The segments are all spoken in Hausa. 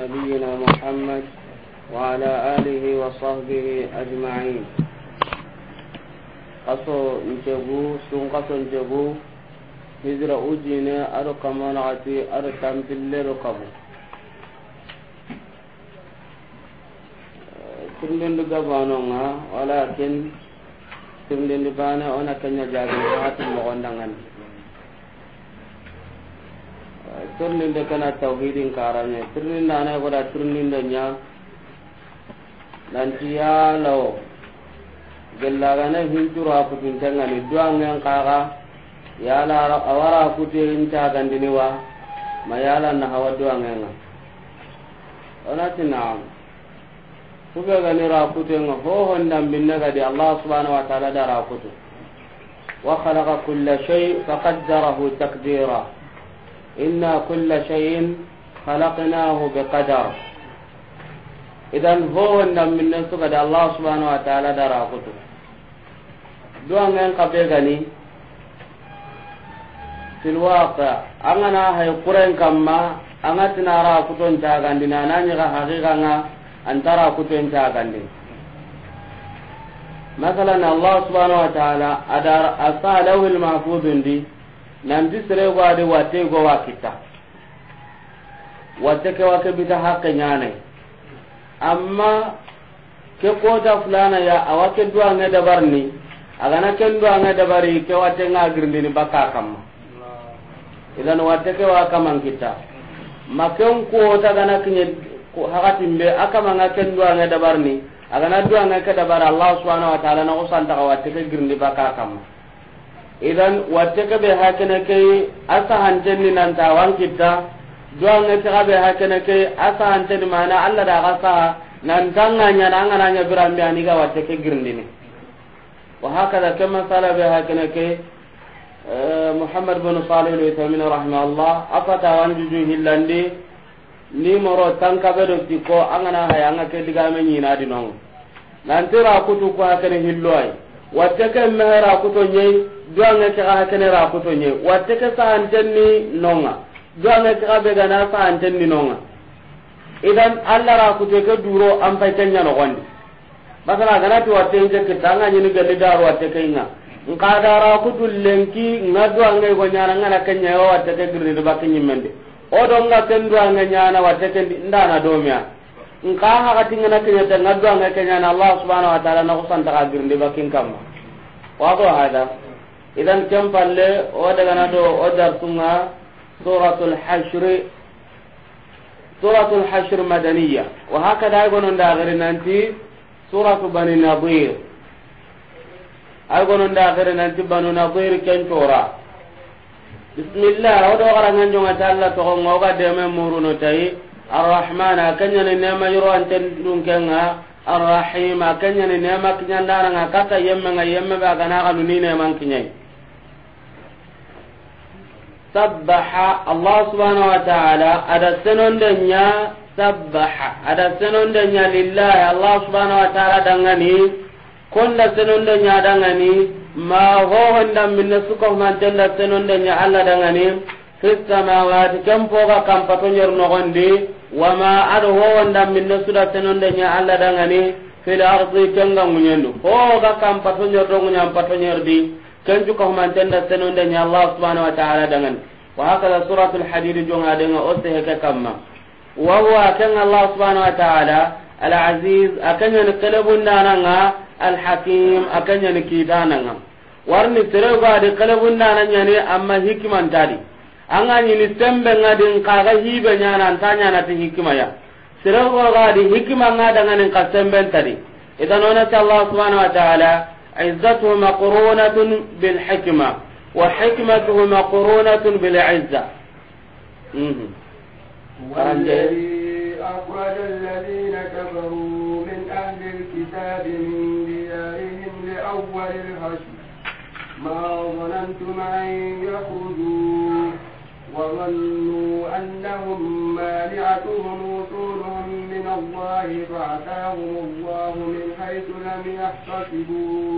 نبينا محمد وعلى آله وصحبه أجمعين قصو نجبو سون قصو نجبو هجر أجينا أرقم ونغتي أرقم بالرقم timdindi gabanonga walakin timdindi bana ona kenya jabin hatu mogondangani turnin da kana tauhidin karanya turnin da na gwada turnin da nya nanti ya lawo hin turu a kutun duwan duwangen kaka ya la awara yin ta gandini wa ma ya la na hawa duwangen onati ga kube gani rakute nga ho na ga di allah subhanahu wa ta'ala da kutu, wa khalaqa kulla shay qaddarahu taqdira inna kulla shay'in khalaqnahu biqadar idan howonda minne sugada allah subhanahu wa taala dara kutu duwangen kabe gani filwaqa angana hay quren kamma anga tinara kuton cagandi nananyiga haqiqa nga antara kuton cagandi masalan allah subhanahu wa taala adar asalawi lmafudundi nanti serego ade wate go wa kita wate ke wake bita hakke nyane amma ke kota fulana ya awake dua nga dabarni agana ken dua nga dabari ke wate nga girndini baka kamma idan wate ke wa kaman kita maken kota gana kinye hakatimbe akama nga ken dua nga dabarni agana dua nga ke dabar allah subhanahu wa ta'ala na usanta ka wate ke girndi baka kamma idan watte ke be hakene ke asa nan ta wan ne asa mana Allah da ga sa nan nan ani ga watte ke girndini wa hakada kama sala be hakene ke eh, muhammad bin salih al-uthaymeen rahimahullah afata wan ni moro haya diga nan tira kutu ko hakene hilloy watte ke mehe rakuto nye duwange kega hakene rakuto nye watte ke sahantenni nonga duwange kega begana sahantenni nonga idan allah rakute ke duro an fay kenya nogondi basala ganati watte nke kitta anga ñini gelli daru watte ke nga nka dara kutu lenki nga duwange go ñana ngana kenya yo watte ke girnidi bakki ñimmendi o do nga ken duwange ñana watte kendi ndana domiya nka hakatingana keñata nga duanga na allah subhanau wa taala naku santaka girndi bakkin kamma wato hada idan ken palle o dagana do o dartunga suratul suratul hashr madaniya wa hakada gonondagiri nanti suratu bani nadir ay gonondagiri nanti banu nadir kencora bismillah odo garanganjongata allah muruno tayi الرحمن أكنيا نعمة يرو أنت دونكنا الرحيم أكنيا نعمة كنيا دارنا كتا يمنا يمنا بعدنا غنوني نعمة كنيا سبح الله سبحانه وتعالى أدا سنون دنيا سبح أدا سنون دنيا لله الله سبحانه وتعالى دنغني كل سنون دنيا دنغني ما هو هندم من سكه من تلا سنون دنيا الله دنغني في السماوات كم فوق كم فتنير نغندي wama ado howondan minne suda nya allah dangani fil ardi kenga ŋuñendu hoga kam patoñerdo ŋuñan patoñerdi kencu kahumantenda nya allah subhanau wa taala dangani wahakada suratu lhadidi jongadenga o seheke kamma wahuwa kenga allah subhanau wa taala alaziz akeñani kelebundananga alhakim akeñani kiitananga warni seregoadi kelebundananyani amma hikimantadi anga nyini sembe ngadin kaga hibe nyana antanya na ti hikima ya sirr ko gadi hikima ngada ngani ka sembe tadi idan ona ta allah subhanahu wa ta'ala izzatuhu maqrunatun bil hikma wa hikmatuhu maqrunatun bil izza mhm أخرج الذين كفروا من أهل الكتاب من ديارهم لأول الحشر ما ظننتم أن يخرجوا لهم مانعتهم وصولهم من الله فأتاهم الله من حيث لم يحتسبوا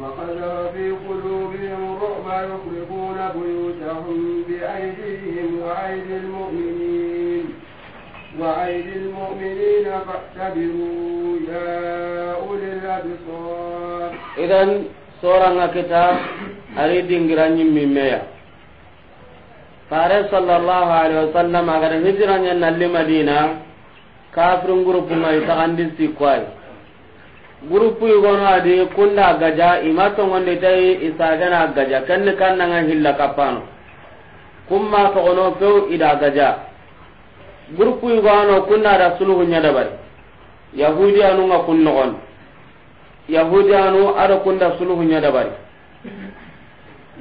وقذف في قلوبهم الرعب يخربون بيوتهم بأيديهم وأيدي المؤمنين وأيدي المؤمنين فاعتبروا يا أولي الأبصار إذا سورة كتاب أريد أن من مياه kare sallallahu alaihi wasallam hijra hijiranya nalli madina kafirin gurupu ngai tagandi sikwai gurupu igono adi kunda gaja imato ngonde tai isagana gaja kan kannanga hilla kapano kumma to ono pew ida gaja gurupu igono kunna da suluhu nyadabari yahudi anu nga kunno on yahudi anu ada kunda suluhu nyadabari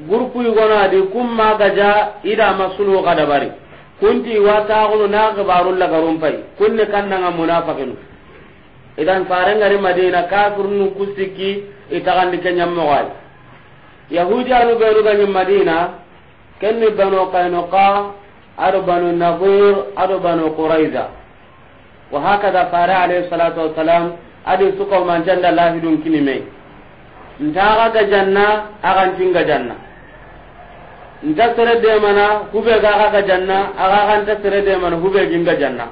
gurku yugona di kumma gaja ida masulu kada bari kunti wa taqulu na gabarul la garum pai kunne kannanga munafiqin idan faren gari madina kafirnu kusiki itagandi kenyam mogal yahudi anu beru madina kenni banu qainuqa ado banu nadir ado banu quraiza wa hakada fara alayhi salatu wassalam adi suko man janda lahidun kinime nta ga janna akan tinga janna nta sere de mana hube ga ga janna aga kan sere de hube ginga janna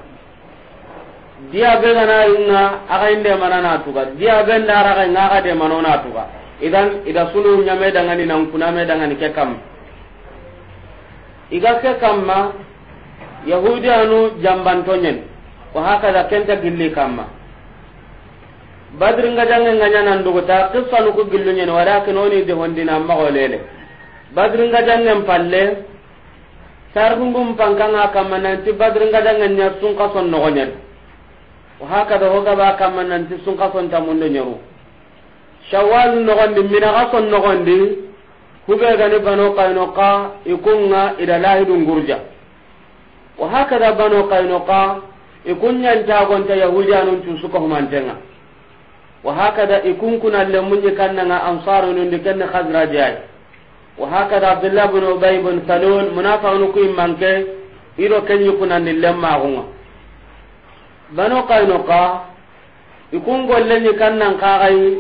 Diya be ga na yunga aga inde mana na tuga dia be ndara ga ngaga de mana na tuga idan ida sunu nyame danga ni nan ke kam iga ke kamma yahudi anu jamban tonyen wa haka da kenta gilli kamma badri nga jange nga nyanan duguta qissa nu ko gillu nyen ke noni de na ma golele badri nga jange palle sargungum pankanga kamananti badri nga jange nya sun ka son no nyen wa do hoga ba kamananti sun ka son tamundo nyeru shawal no gondi mina ka son no gondi ga gani bano ka ikunga ida lahidu ngurja wa haka da bano qaynoqa ikunya ntagonta yahudiyanun tusuka humantenga wa hakada ikun kuna le munyi kannanga ansaru nun de kenna khazraj ay wa hakada abdullah ibn ubay ibn salul munafiqun ku imanke iro kenyi kuna ni lemma gunga banu qainuqa ikun golle ni kannan kagai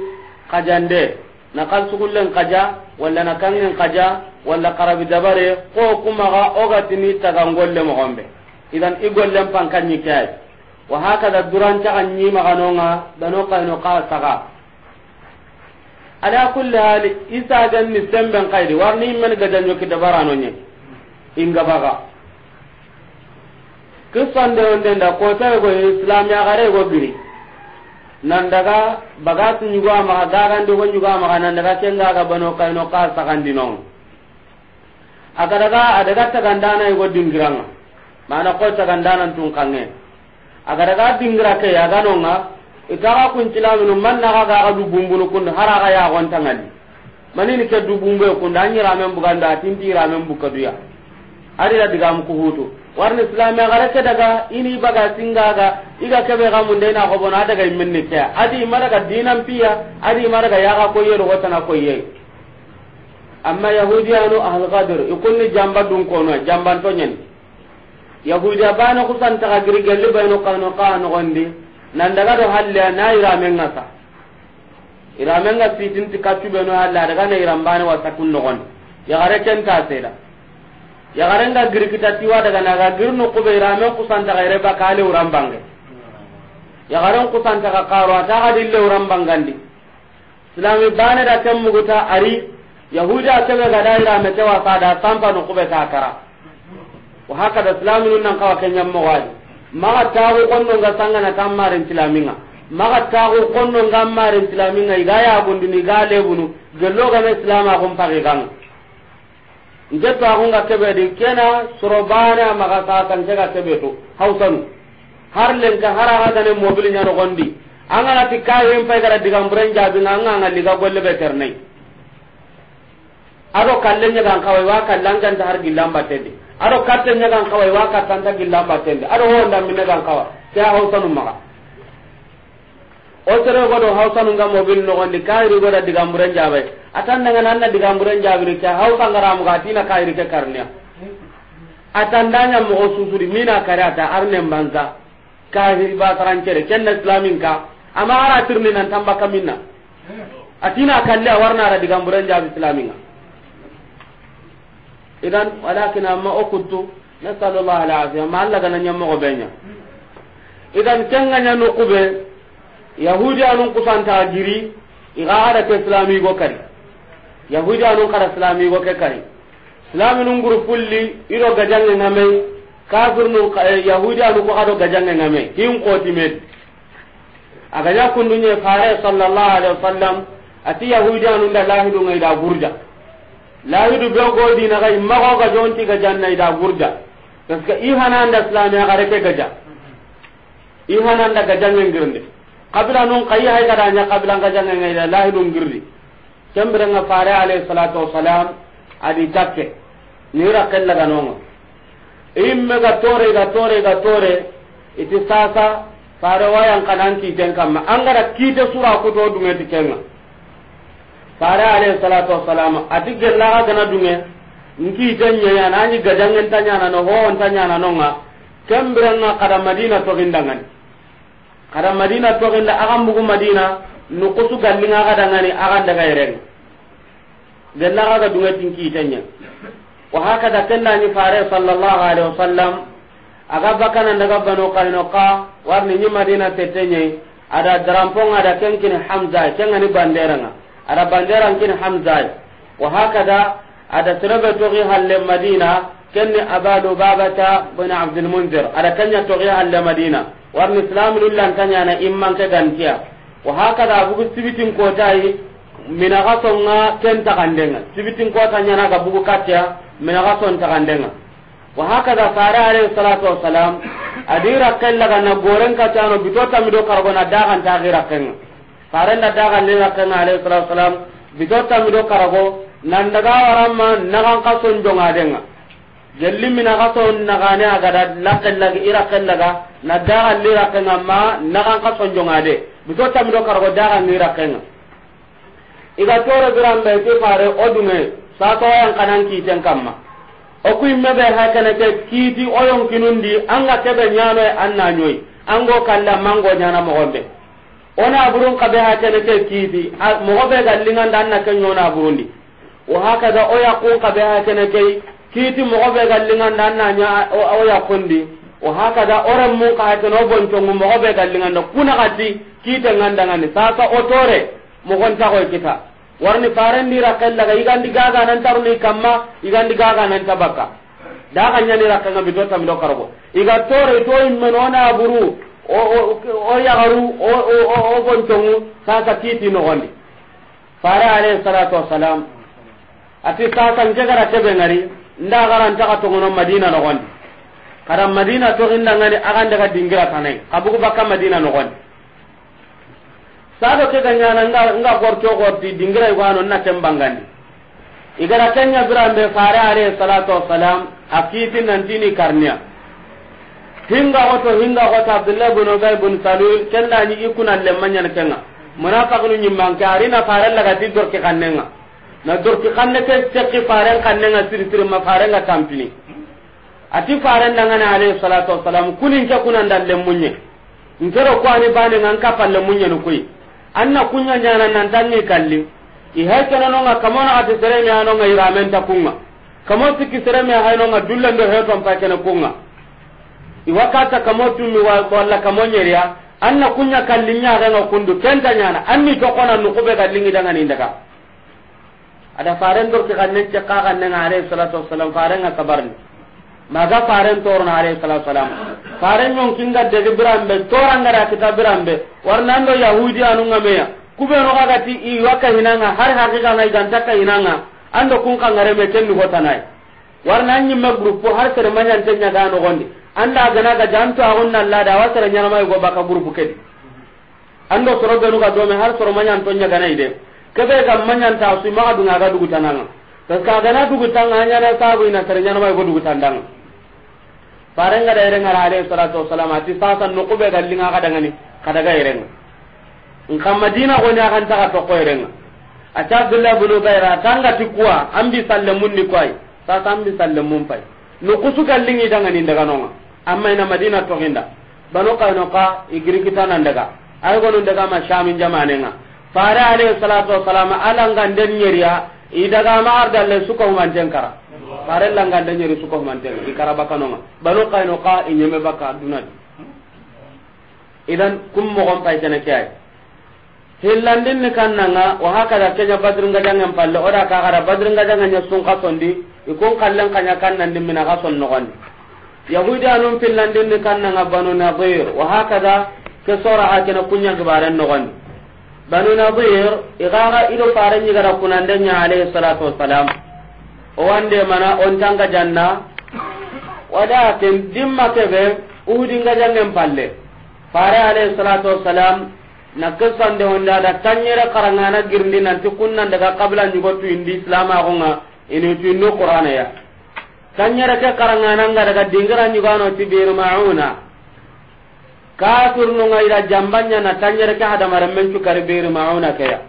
kajande na kan sukullen kaja walla na kangen kaja walla karabi dabare ko kuma ga ogatini tagangolle mo gombe idan igollen pankanyi kai wa hakada duranta kan da maganonga dano kaino ka saka ala kulli hal isa gan ni semben kaidi warni men ga janyo ki dabarano ne inga baga kusan da wanda da ko sai go islam ya gare go biri nan daga bagatu ma ama ran do go nyugo ma nan daga ken ga bano kaino ka saka ndino aga daga adaga gandana go dingiranga mana ko gandana tun kangen agada ga dingira ke aga nonga itaga kuncilaminu man naga ga aga dubumbunu kundu hara ga ya gontangani manini ke dubumbe kundu anyi ramen buganda atinti ramen bukaduya adila digamu kuhutu warni silame gara ke daga ini baga singaga iga kebe ga mun dena ko bona daga minni ke adi maraga dinan piya adi maraga yaga ko yero ko tana ko yey amma yahudiyanu ahl qadr ikunni jamba dun kono jamban to nyen yahudiya bana kusantaxa girigelli bayno kano kaa noxondi nandaga do halle na iramenga sa iramenga sitinti kaccubeno halle adaga na irambane wasakun ya yagare kenta seda yagarenga girikitatiwa daga naga gir nukube iramen ya ire bakale urambange yagaren kusantaxa karo ataxa dille urambangandi silami bane da ken muguta ari yahudiya kebe gada irame ke wasada sampa ta kakara wa haka da islamu nan kawa kenyan mawali maga tagu kondo nga sangana kammarin tilaminga maga tagu kondo nga marin tilaminga iga ya gundini ga lebunu gello ga na islama gon pagi gang nje to agun ga kebe di kena surobana maga sa kan ga kebe to hausanu har len ka hara ga ne mobil nya no gondi angana ti kayen pay gara digam bren jabi nga liga golle be ternai ado kallenya gan kawai wa kallangan ta har gillamba tedi ado katte nyagan kawai wa katta anta gilla patende ado ho nda minne ka kawa ta hausanu num maka o tere godo hausanu nga ga mobil no gondi kairi goda diga muren jabe atan daga nanna diga jabe ni ta hausa ngara mu ga tina kairi ke karniya atan danya mo susuri mina karata arne banza kahiri ba tarancere kenna islamin ka amma ara tirni nan tambaka minna atina kalle warna ara diga muren jabe islamin idan walakin amma okuttu nasallallahu alaihi ma Allah ganan nyamma ko benya idan kenga nyano kube yahudi anun kusanta giri iga ada ke islami go kari yahudi anun kara islami go ke kari islami nun guru fulli iro gajange ngame kafir nun eh, yahudi anun ko ado gajange ngame hin ko timet aga ya kundunya fare sallallahu alaihi wasallam ati yahudi anun da lahidu ngai da burja lahidu be go dina ga imma go ga jonti ga janna ida burda parce i ihana anda islam ya gare ke gaja ihana anda ga janna ngirnde qabla nun qayi hay ga nya qabla ga janna ngai lahidu ngirri cembere nga fare alayhi salatu wassalam adi takke ra kella ga nonga imme ga tore ga tore ga tore iti sasa fare wayan kananti ten kamma angara kite sura ko to dumeti kenga fare alayhi salatu wassalam ati gella gana dunge nki tanya ya nani gadangen tanya na no ho tanya na nonga na kada madina to gindangan kada madina to ginda agam bugu madina nu kusu gallinga kada ngani agan daga yereng gella ga dunga tinki tanya wa da kenda ni fare sallallahu alaihi wasallam aga bakana daga banu qainuqa warni ni madina tetenye ada dramponga ada kenkini hamza kengani banderanga ada banderan kin hamza wa hakada ada sirabe togi halle madina kenni abadu babata bin abdul munzir ada kanya togi halle madina warni islam lillan kanya na imman ka gantiya wa hakada bugu sibitin kotai mina gasonga ken takandenga sibitin kota nyana ga bugu katya mina gason takandenga wa hakada sara alayhi salatu wassalam adira kallaga na goren tano bitota mido karbona dagan ta gira kenga farenda na hakkanga alayhi salatu wasalam bito do karago nandaga waramma nagan kason jongadenga jelli mina kason nagane agada lakkellaga irakkellaga na ne daga dagalli rakkenga ma nagan kason jongade bito do karago daga ne daganni rakkenga iga toro biranɓe ti fare odunge satoyan kanan kiiten kamma okuimmebe hakeneke kiiti oyon kinundi anga kebe ñanoe an nañoyi ango kalla mango ñana mogonɓe ona burun kabe ha tene ke kiti mo be gallingan dan na ke nyona burundi wa da o yaqun kabe ha tene ke kiti mo be linga dan na nya o yaqundi wa da oran mu ka tene o bon tongu mo be gallingan da kuna kati kite nganda ngani o tore mo gon ta ko kita warni farandi rakalla ga igandi gaga nan ni kamma igandi gaga nan tabaka da kan nyani rakanga bidota mido karbo iga tore to immenona buru o yagaru o gontongu sasa kiti nogondi fare alayhi salatu wassalam ati sasa nkegara kebe ngari nda gara ntaka togono madina nogondi kada madina togindangani agandaga dingira tanai kabugu bakka madina nogondi sado ke ganyana nga nga gorto gorti dingira igano na tembangandi igara kenya birambe fare alayhi salatu wassalam akiti nantini karnia hinga goto hinga goto abdullah ibn ubay ibn salul kella ni ikuna lemmanya kenga munafiqun nyimman kari na faral la gadi dorki kannenga na dorki kanne ke sekki faral kannenga siri siri ma faral la kampini ati faran dangane alayhi salatu wassalam kunin ke kunan dan lemmunye ngero ko ani bane ngan ka palle munye no koy anna kunya nyana nan tanni kalli i hay kana no nga kamona ati sere mi ano nga iramen ta kunga kamo sikki sere mi hay no nga dullande heton pa kana kunga iwakata kamotumi walla kamonyeria anna kunya kallinya danga kundu kenta nyana anni to kona nukube kallingi danga ni daga ada faren dor ke kanne ce ka kanne ngare sallallahu alaihi wasallam faren akbar ni maga faren tor na alaihi salatu wassalam wasallam faren nyon kinga de birambe toranga ra kita birambe warna ndo yahudi anu ya kube no kaga ti i waka hinanga har hakika ngai ka hinanga ando kun ngare me tenni hotanai warna nyi me grupo har ter manyan tenya ga no gondi anda gana ga jantu agun Allah da wasara mai go baka burbu kedi ando soro ganu ga do me har soro manyan to nya gana ide be ga manyan ta su ma dunga ga dugu tananga tas ka gana dugu tanga nya na bu ina tar mai go dugu pareng ga da irenga alayhi salatu wassalam ati sasa san nuku ga linga ga dangani kada ga ireng in kam madina go nya kan ta ka to ko irenga ata abdullah bin ubayra tanga tikwa ambi sallamun ni kwai sasa ambi sallamun pai no kusuka lingi dangani daga nonga amma ina madina toginda banu qaynuqa igiri nan daga ay gonu daga ma shamin nga fara alayhi salatu wassalam alanga den nyeriya i daga ma le suko man jengkara fara langa den nyeri suko man jeng i kara bakanonga banu qaynuqa inyeme baka dunadi idan kum mo gon pay tane kay hillandin ni kannanga wa haka hakada kenya badringa jangan palle oda ka gara badringa jangan ka kasondi ikon kallen kanya kannan son no gon yahudi anum pillandinni kannanga banu nadir wa hakada ke sora na kunya gibaren nogondi banu nadir igaga ido fare nyigara kunandenya alayhi salatu wassalam owande mana ontanga janna walakin dimma kebe uhudinga jangen palle fare alayhi salatu wassalam na kesande honda da tanyere karangana girndi nanti kunnan daga kabla nyugo indi islama gonga ini tuinno qur'ana ya tanyere ke karangananga daga dingira nyugano ti bir mauna kafir nu ngai da jambanya na tanyere ke hada marammen cu kar bir mauna ke ya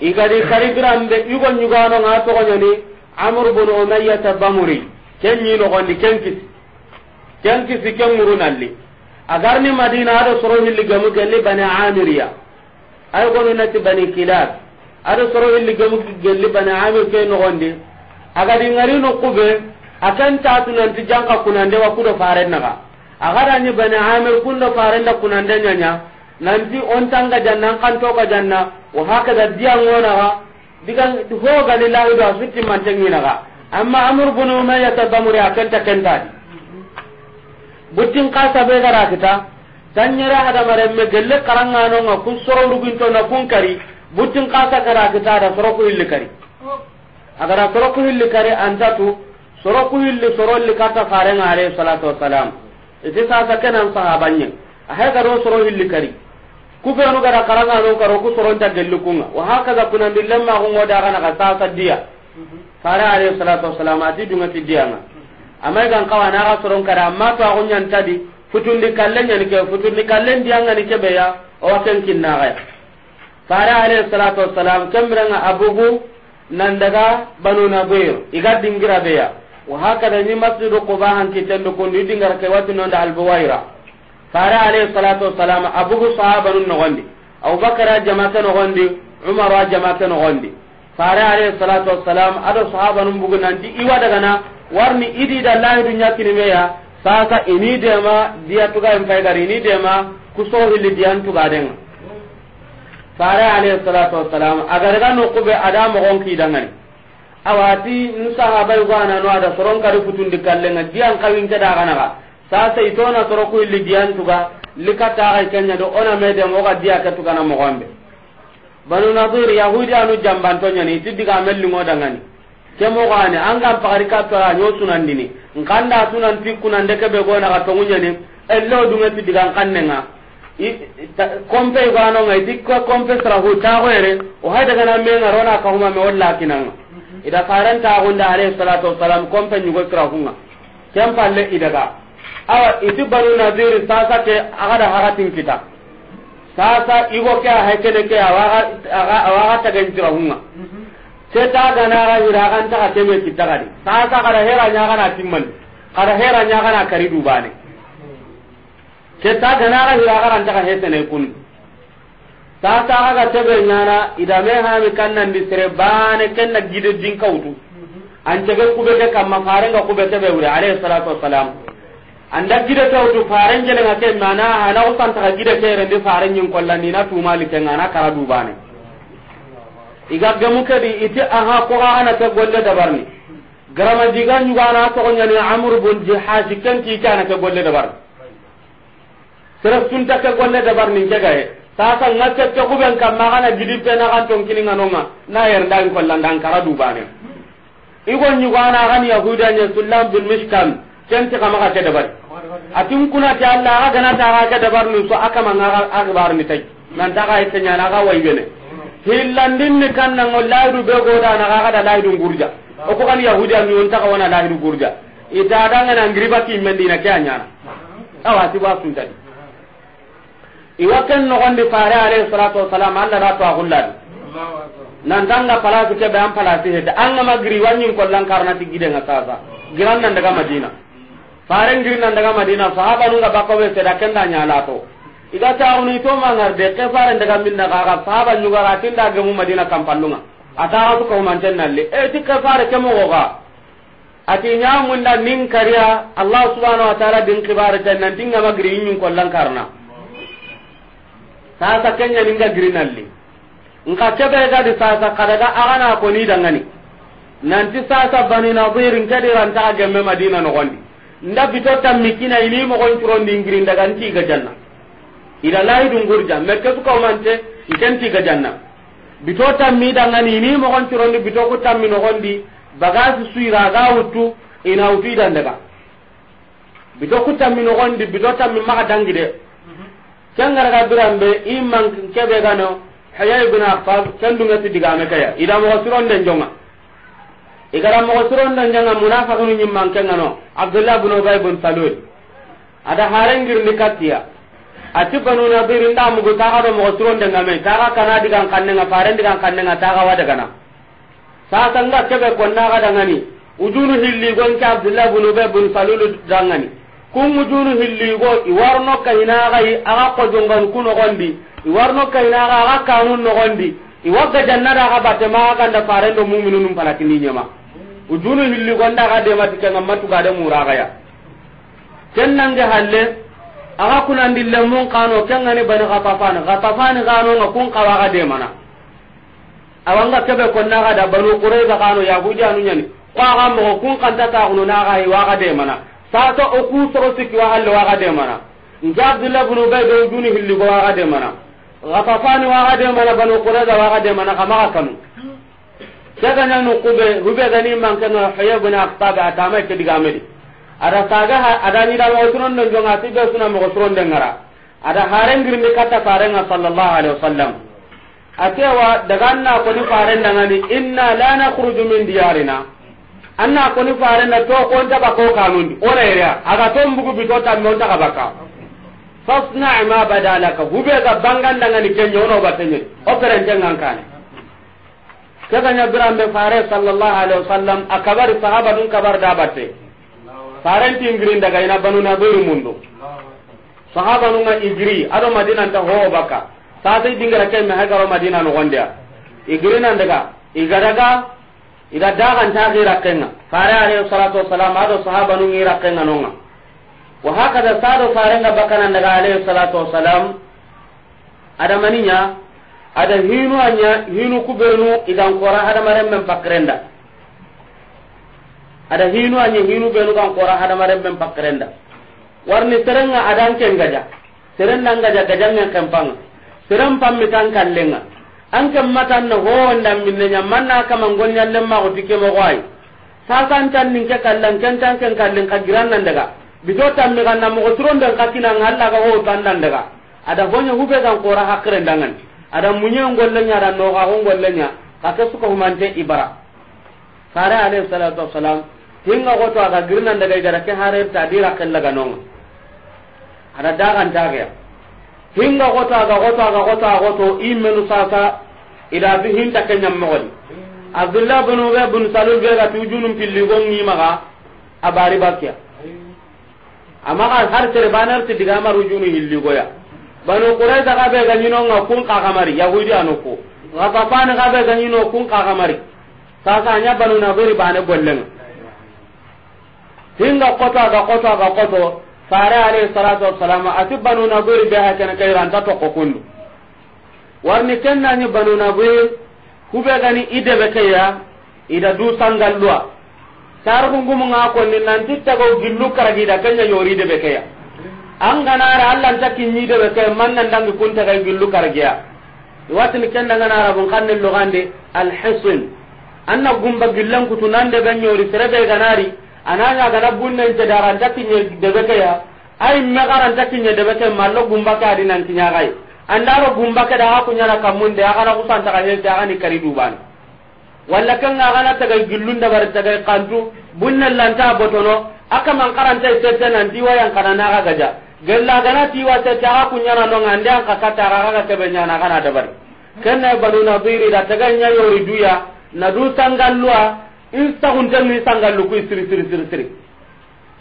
igadi karigram be yugo nyugano nga to gonyoni amr bin umayya tabamuri kenyi no gondi kenkis kenkis ken murunalli agarni madina ado soro hilli gamu gelli bani amiriya ay gonu nati bani kilab ado soro hilli gamu gelli bani amir ke no gondi agadi ngari no kube akan tatunanti janka kunande wa kudo agara ni bani amir kundo kunan kunande nyanya nanti kan to ka janna wa ngona diyangonaga digan hogani lahido a suttimmantenginaga amma amur bunu umayata bamuri akenta kentadi buttin be gara kita mare me gelle karanganonga kun na kun kari butin kasa gara kita da soroku hilli kari oh. agara ko hilli kari tu soro ku hilli soro li kata fare nga alayhi salatu wassalam ite sasa kenan sahabanye ahay garo soro hilli kari ku fe no gara karanga no karo ku soro ta gellu kunga wa hakaza kuna ma ku ngoda kana ka sasa dia fare alayhi salatu wassalam ati dunga ti dia nga amay gan kawa na ga soro kara amma to agun yan tadi futundi kallen yan ke futundi kallen dia nga ni ke be ya o ken kinna ga fare alayhi salatu wassalam kamranga abugu nan daga banu nabir iga dingira be ya wa da ni masjidu quba han kitendu kundu idingar ke watu non da albuwaira fara alayhi salatu wassalam abugu sahabanun nogondi abubakar jamaata nogondi umar jamaata nogondi fara alayhi salatu wassalam ado sahabanun bugu nanti iwa daga na warni idi da lahi dunya kinimeya sasa ini dema dia tuga en faygar ini dema kuso hilli diyan tuga denga fara alayhi salatu wassalam agar ga no kube ada mo gon awati nu sahabai gwana no ada soron kari futundi kallenga diyan kawin ke dagana ga sasa itona soro ku illi diyan tuga likata ay kenya do ona mede o ga diya ka tuga na mo gombe banu nadir yahudi anu jamban to nyani tiddi ga melli mo dangani ke mo gane an ga pakari ka to anyo sunan dini ngkanda sunan tikuna ndeke be gona ga tongunya ni ello dunga tiddi ga kannenga kompe gano ngai dikko kompe sara hu ta hoere o hada kana me ngarona ka huma me walla kinanga ida faran ta gonda alayhi salatu wassalam kon pen nyugo kra kunga kem palle idaga awa itu banu nadiri sasa ke agada haratin kita sasa igo ke a hakene ke awaga awaga tagen kra kunga ta gana ra ira kan ta me kita gadi sasa kada hera nya kana timman kada hera nya kana karidu bane seta gana ra hira kan ta hetene kunu. ta haga tebe nyana ha hami kannan di sere bane kenna gide din kautu an ga kube ke kamma fare ga kube tebe wuri alayhi salatu wassalam da gide tawtu fare ngele ga ke mana ana usan ta gide ke rende fare nyin ni na tuma like ngana kara du bane iga mu ke di iti aha ko ana ta golle barni garama diga nyugana ko nyani amru bun jihad kan ti kana ta golle dabar sere sunta ka golle dabar nin ga sasa nga tete kuben kamma kana gidippe na kan ton nga nonga na yer ndan ko lan dan kara dubane igo nyi wana kan huda nya sulam bil mishkan tente kama ka dabar atin kuna ta Allah ga na ta ka dabar nu so aka man akbar ni tai nan ta ga ita nya na ga wai bene hillandin ni kan nan wallahi be go da na ga da laidu gurja o ko kan yahuda ni on ta ka wana laidu gurja ita danga nan griba ki mendina kanya awa ti ba sun tai iwa ken nogondi fare alayhi salatu wasalam alla na to agulladi nantanga palasi keɓe an palasi hede angama giri wañin kollankarnati gidenga sasa giran nan daga madina faren giri nan daga madina sahaba nunga bakkoɓe seda kenda ñalato iga taxunu itomangar de ke faren daga minna kaga sahaba ñugara tinda gemu madina kampallunga ataxatu kahumanten nalli e ti ke fare ke mogoga ati ñamunda nin kariya allah subhanau wa taala din kibare ten nantingama giri iñin karna sasa kenya ninga grinalli nka kebe ga di sasa kada agana ko ni dangani nanti sasa bani nadir nkadi ranta gemme madina no gondi nda bito tammi kina ini mo gon turon di ngirin daga nti ga janna ila lahi dun gurja mekke su ko mante ikenti ga janna bito tammi dangani ini mo gon turon di bito ko tammi no gondi bagasi suira ga wutu ina wutu idan daga bito ko tammi no gondi bito tammi ma dangi de kengara ga birambe imman kebe gano haya ibn affan kendunga ti digame kaya ida mo siron den jonga igara mo siron den jonga munafiqun nyimman kengano abdullah ibn ubay ibn salul ada harengir nikatiya ati banu nadir nda mu ta ga mo siron den ngame ta ga kana digan kanne nga faren digan kanne nga ta ga wada kana sa sanga kebe konna ga dangani ujunu hilli gonka abdullah ibn ubay ibn salul dangani kungujunu hilligo iwarno kahinagayi aga kojongan ku nogondi iwarno kahinaga aga kamun nogondi iwagga jannada aga batema aganda farendo muminunum palatini ñema ujunu de aga dematikenga matugade muragaya kennange halle aga kunandi lemmun kano ni bani gatafani gatafani ganonga kun kawa aga demana awanga kebe ko konnaga da banu qurayza kano yahudi anu ñani ko aga mogo kun kanta taxununaga iwaga demana sasa o ku sogo sikki wa halle waxa demana nge abdullah bnu ubay be ujuni hilligo waxa demana gafafani waxa demana banu qurayza waxa demana kamaxa kanu kegañanu kube hube gani mankenga hoye bune aktabe atamay kedigamedi ada saga ada ñidamaxo suronde jonga ti be suna moxo suronde ngara ada harengirni katta farenga sallallahu alaihi wasallam akewa daganna koni farendangani inna la nakhruju min diyarina anna koni fare na to ko ta bako o ora ya aga to mbugu to ta mi on ta baka fasna ma badalaka hube ga bangan daga ni kenyo ono batenye operen jangan kan kaganya birambe fare sallallahu alaihi wasallam akabar sahaba dun kabar da dabate faren tingirin daga ina banu na bari mundu sahaba nunga igri ado madina ta ho baka sa dai dingara kai me hagaro madina no gondia igri nan daga igaraga iga dagan ta gira kenga fare alayhi salatu wassalam ado sahaba nu gira kenga nonga wa hakada sado fare nga bakana daga alayhi salatu wassalam ada maninya ada hinu anya hinu kubenu idan qora ada maren men pakrenda ada hinu anya hinu benu kan qora ada maren men pakrenda warni terenga adan ken gaja serenda gaja gajangnya kempang serem pamitan kallenga anke matanna howondan minne ñammanna kama sa san tan nin ke kallan kan kallen ka nan daga bito tammi ganna moxo turonden ka kinanga allaga tan nan daga ada foña huɓe gan kora dangan ada muñen golleña ada noxaxo golleña ka ke suka humante ibara sare alayhi salatu wasalam hinga goto aga girnan daga igada ke harerta kallaga non ada dagantageya hinga goto aga goto aga goto aga goto imenu sasa ila bi hinta kenyam mogoni abdullah bin ubay bin salul be ga tujunum pilli gongi maga abari bakya amma ka har tere banar ti diga maru junu hilli goya banu qurayza ga be ga nyino nga kun ka kamari yahudi anoko ngapa pan ga be ga nyino kun ka kamari sasa anya banu na bari bane gollen hinga kota ga kota ga koto fare alayhi salatu wassalam ati banu nadir be hakana kayra anta to kokundu warni kenna ni banu nadir hube gani ide be kayya ida du sangal dua tar gungum nga ko ni nanti tago gillu karagi da kanya yori de be kayya an ganara allah anta ni de be kayya man nan dangi kunta kay gillu karagiya watni kenna ganara bun kanne lugande al hisn anna gumba gillan kutunande nande ganyori serebe ganari ananya gana bunne ce daranta kinye debeke ya ay me garanta kinye debeke mallo gumba ka nan kinya gai andaro gumba ka da hakunya na kamunde ku santa ka hete ani kari duban walla kan agana taga da bar taga kantu bunne lanta botono aka man karanta tete nan diwa yang kana na gaja gella gana tiwa ta hakunya na non ande an ka kata aga benya na kana bar kenna baluna biri da ta ganya yori duya na du tangalluwa lu sangalluku siri siri siri siri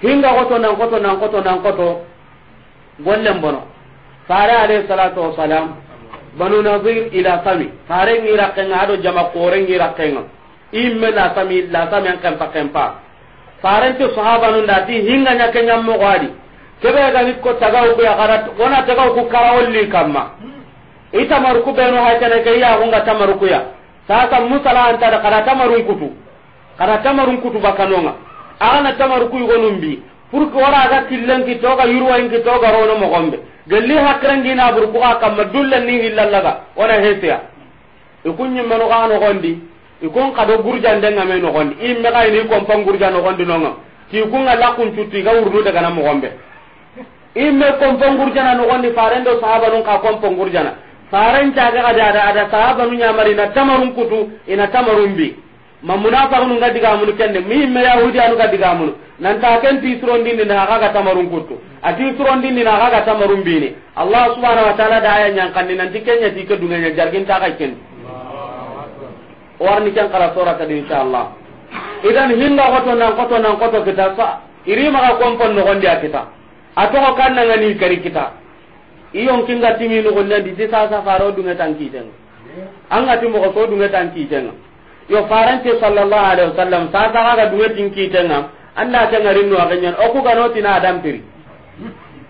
hinga koto nan koto nan koto nan koto gollen bono fare ale salatu wasalam banu nadir ila sami fare ni kenga ado jama kore ni kenga imme la sami la sami an kan pakem pa fare to sahaba nun dati hinga nya kenya mo gwadi kebe ga ni ko taga u yakara ko na taga ku wolli kamma itamaru ku beno ha tane kayya hunga tamaru ku ya sasa musala anta da kara tamaru kutu kada tamarun kutuba kanonga agana tamaru ku numbi pour que wara aga killen ki toga yurwain ki toga rono mogombe gelli hakrangina bur ku aka madulla ni hillallaga ona hesiya ikunyi mano ga no gondi ikon kado gurjan den ngame no gondi me ga ni kon pang gurjan no gondi nonga ki kunga la kun tutti ga urnu daga na mogombe imme kon pang gurjan no gondi farendo sahaba non ka kon pang gurjana faren caga ada ada ada sahaba nu nyamari na tamarun kutu ina tamarun bi ma munafiqun ga diga mun kenne mi me yahudi anu ga diga mun nan ken ti suron din na ga ga tamarun kutu ati suron din na tamarun bini allah subhanahu wa taala da aya nyang kan nan tikenya ti ke dunganya jargin ta ka ken warni kan kala sura ta insyaallah idan hinna goto nan goto nan goto kita sa iri ma kompon pon no gonde kita ato ko kan nan ni kari kita iyon kinga timi no dia di sa sa faro dunga tan kiten an ga timo ko so dunga tan kiten yo farante sallallahu alaihi wasallam ta ta ga duwe tin kitenga anda ta ngarin no aganya o ku gano tina adam piri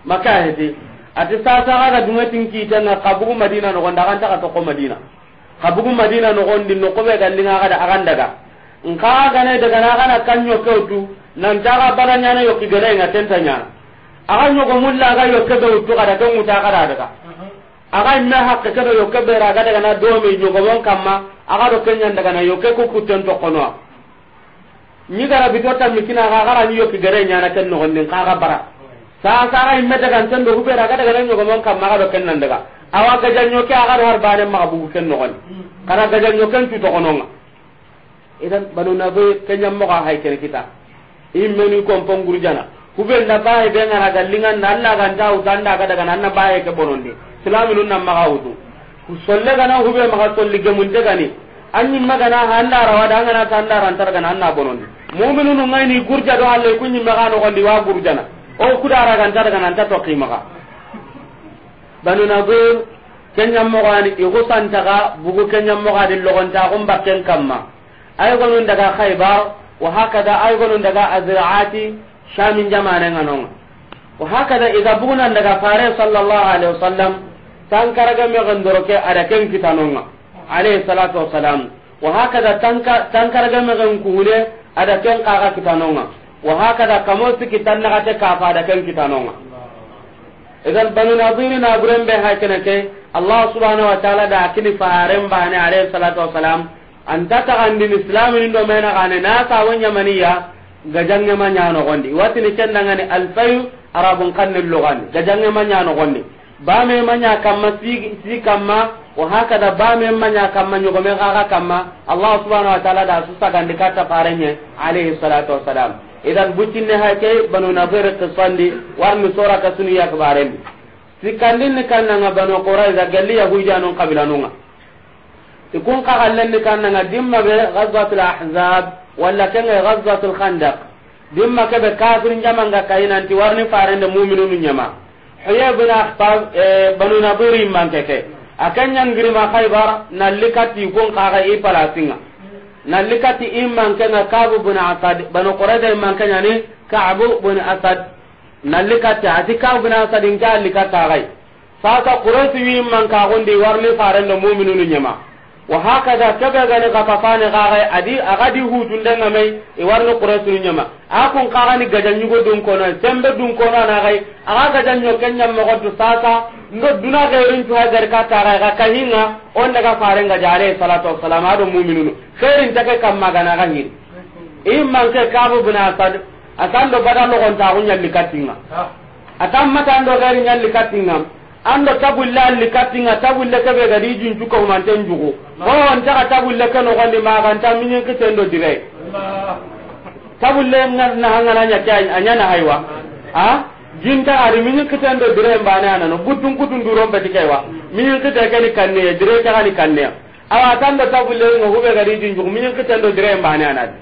maka hede ati ta ta ga duwe tin kitenga kabu madina no gonda kan ta ko madina kabu madina no gondi no ko be linga ga da aganda ga nka ga ne daga na kana kanyo tu nan ta ga baranya ne yo kigere nga tentanya aganyo ko mulla ga yo kebe utu kada ta ga da daga aga me hakke kada yo ke bera aga daga na do me nyogo mon kamma aga do kenya daga na yo ke ku kuten to kono ni gara bi to tan mikina aga gara ni yo na ken no gonnin ka aga bara sa sa aga imme daga tan do ku bera aga daga na nyogo mon kamma aga do kenya daga awa ga janyo ke aga do harbane ma bu ken no gonni kana ga janyo ken tu to kono nga idan banu na be kenya mo ga hay ken kita imme ni kompon gurjana kubel na bae be ngara galingan na Allah ga ndaw tanda ga daga na na bae ke bonondi silaminu nan maga wutu solle gana hube maga solli gemunde gani anni magana handa rawada ngana ta handa rantar gana anna bonondi mu'minu nun ngai ni gurja do halle kunni maga no gondi wa gurjana o kudara gantar gana ta to maka. banu nadir kenya mogani igu santaga bugu kenya lo gonta go mbakken kamma ay nun daga khaybar wa hakada ay nun daga azraati shamin jama'an nganonga wa hakada idha buguna daga fare sallallahu alaihi wasallam tankaraga karaga gandoro ke ada ken kitanonga alayhi salatu wassalam wa hakada tanka tan karaga kuune ada ken kaga kitanonga wa hakada kamosi kitanna kate ka fa ada ken kitanonga idan banu nadiri na buren be hakene ke allah subhanahu wa ta'ala da akini faren bane alayhi salatu wassalam anta ta andi islam ni do mena gane na ta wonya maniya gajange ma nyano gondi watini kendangani alfayu arabun kannil lugani gajange ma no gondi bame manya kamma si kamma wa ba bame manya kamma nyogo me kaka kamma allah subhanahu wa ta'ala da su ndika ta farenye alayhi salatu wassalam idan ne hake banu nabere qisandi warmi sora si yakbaren ne ni kannanga banu da galli yahujanun qabilanunga ikun kan kannanga dimma be ghazwatul ahzab walla kenga ghazwatul khandaq dimma be kafirin jamanga kayinanti warni farende mu'minunu nyama حيي بن أخطب بنو نبير من تكي أكن ينجري ما خيبر نلكت يكون قاقا إي بلاسينا نلكت إيمان كان كعب بن أسد بنو قريدة إيمان كان يعني كعب بن أسد نلكت أتي كعب بن أسد إن كان لكت قاقا ساتا قريت ويمان كاغون دي ورلي فارن مؤمنون يما wa hakada kebegani kapapane kaxe adi agadi hutundenga mai iwarni kuresuru ñama a kun kaxani gajañugo dunkono sembe dunkono anaxay axa gajañoke ñammoxotu sasa ndo duna xerincuha gari ka taxay xa kahinga on daga farengaja alayhi salatu wasalam aɗo muminunu xerintake kammaganaxa hiri in manke kabu bin asad asan do bada loxontaxu ñalli kattinga atan matan do xeri ñalli kattinga ando tabulle alli kattinga tabulle keɓe gadi juncu kaumanten jugu wowontaxa tabulle ke nogondi maganta na hanga na nahangana ñake a na haywa a jinta ari miñinkitendo direy mbane anano guttun kutun durombeti keywa miñinkite keni kanneye direy kexani kanneya awa tando tabullenga huɓe gadi junjugu miñinkitendo direy mbane anadi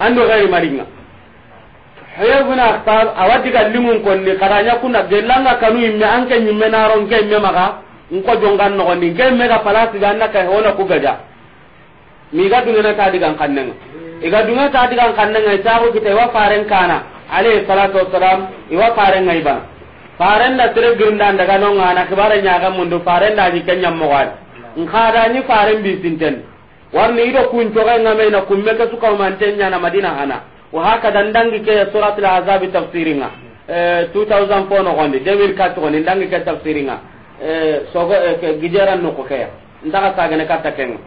ando xeri maringa hebuna aktar awati gallimun konni karanya kuna gelanga kanu imme anke nyimme naron ke imme maka nko jongan no konni ke imme ga palasi ganna ka hola ku gaja mi ga dungena ta digan kannenga iga dunga ta digan kannenga ta ko kita wa faren kana alayhi salatu wassalam iwa faren ngaiba faren da tere girndan daga no ngana kibare nyaga mundu faren da ni kenya mogal nkada ni faren bisinten warni ido kun to ga ngame na kumme ka suka mantenya na madina hana wa haka dandangi ke surat al-azab tafsiringa 2004 no gonde 2004 gonde dangi ke tafsiringa sogo ke gijeran no ko ke ndaka sagane katta ken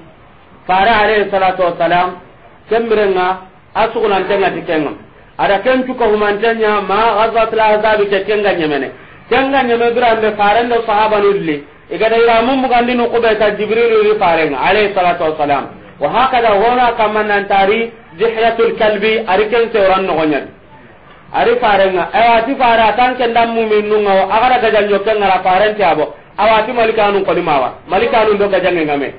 fara alayhi salatu wassalam kemrenga asugunan tenga tikenga ada ken cuka humantanya ma ghazat al-azab ke kenga nyemene kenga nyeme durande farande sahaba nulli igada ira mum bugandi no ko be ta jibril salatu wa hakada hona kamma nantari jihlatul kalbi ari ken sewran nogonyadi ari farenga awati fare atan kendam mumin nunga agara gajan yokken ngara farenti abo awati malikanu kodi mawa malikanu do gajan ngame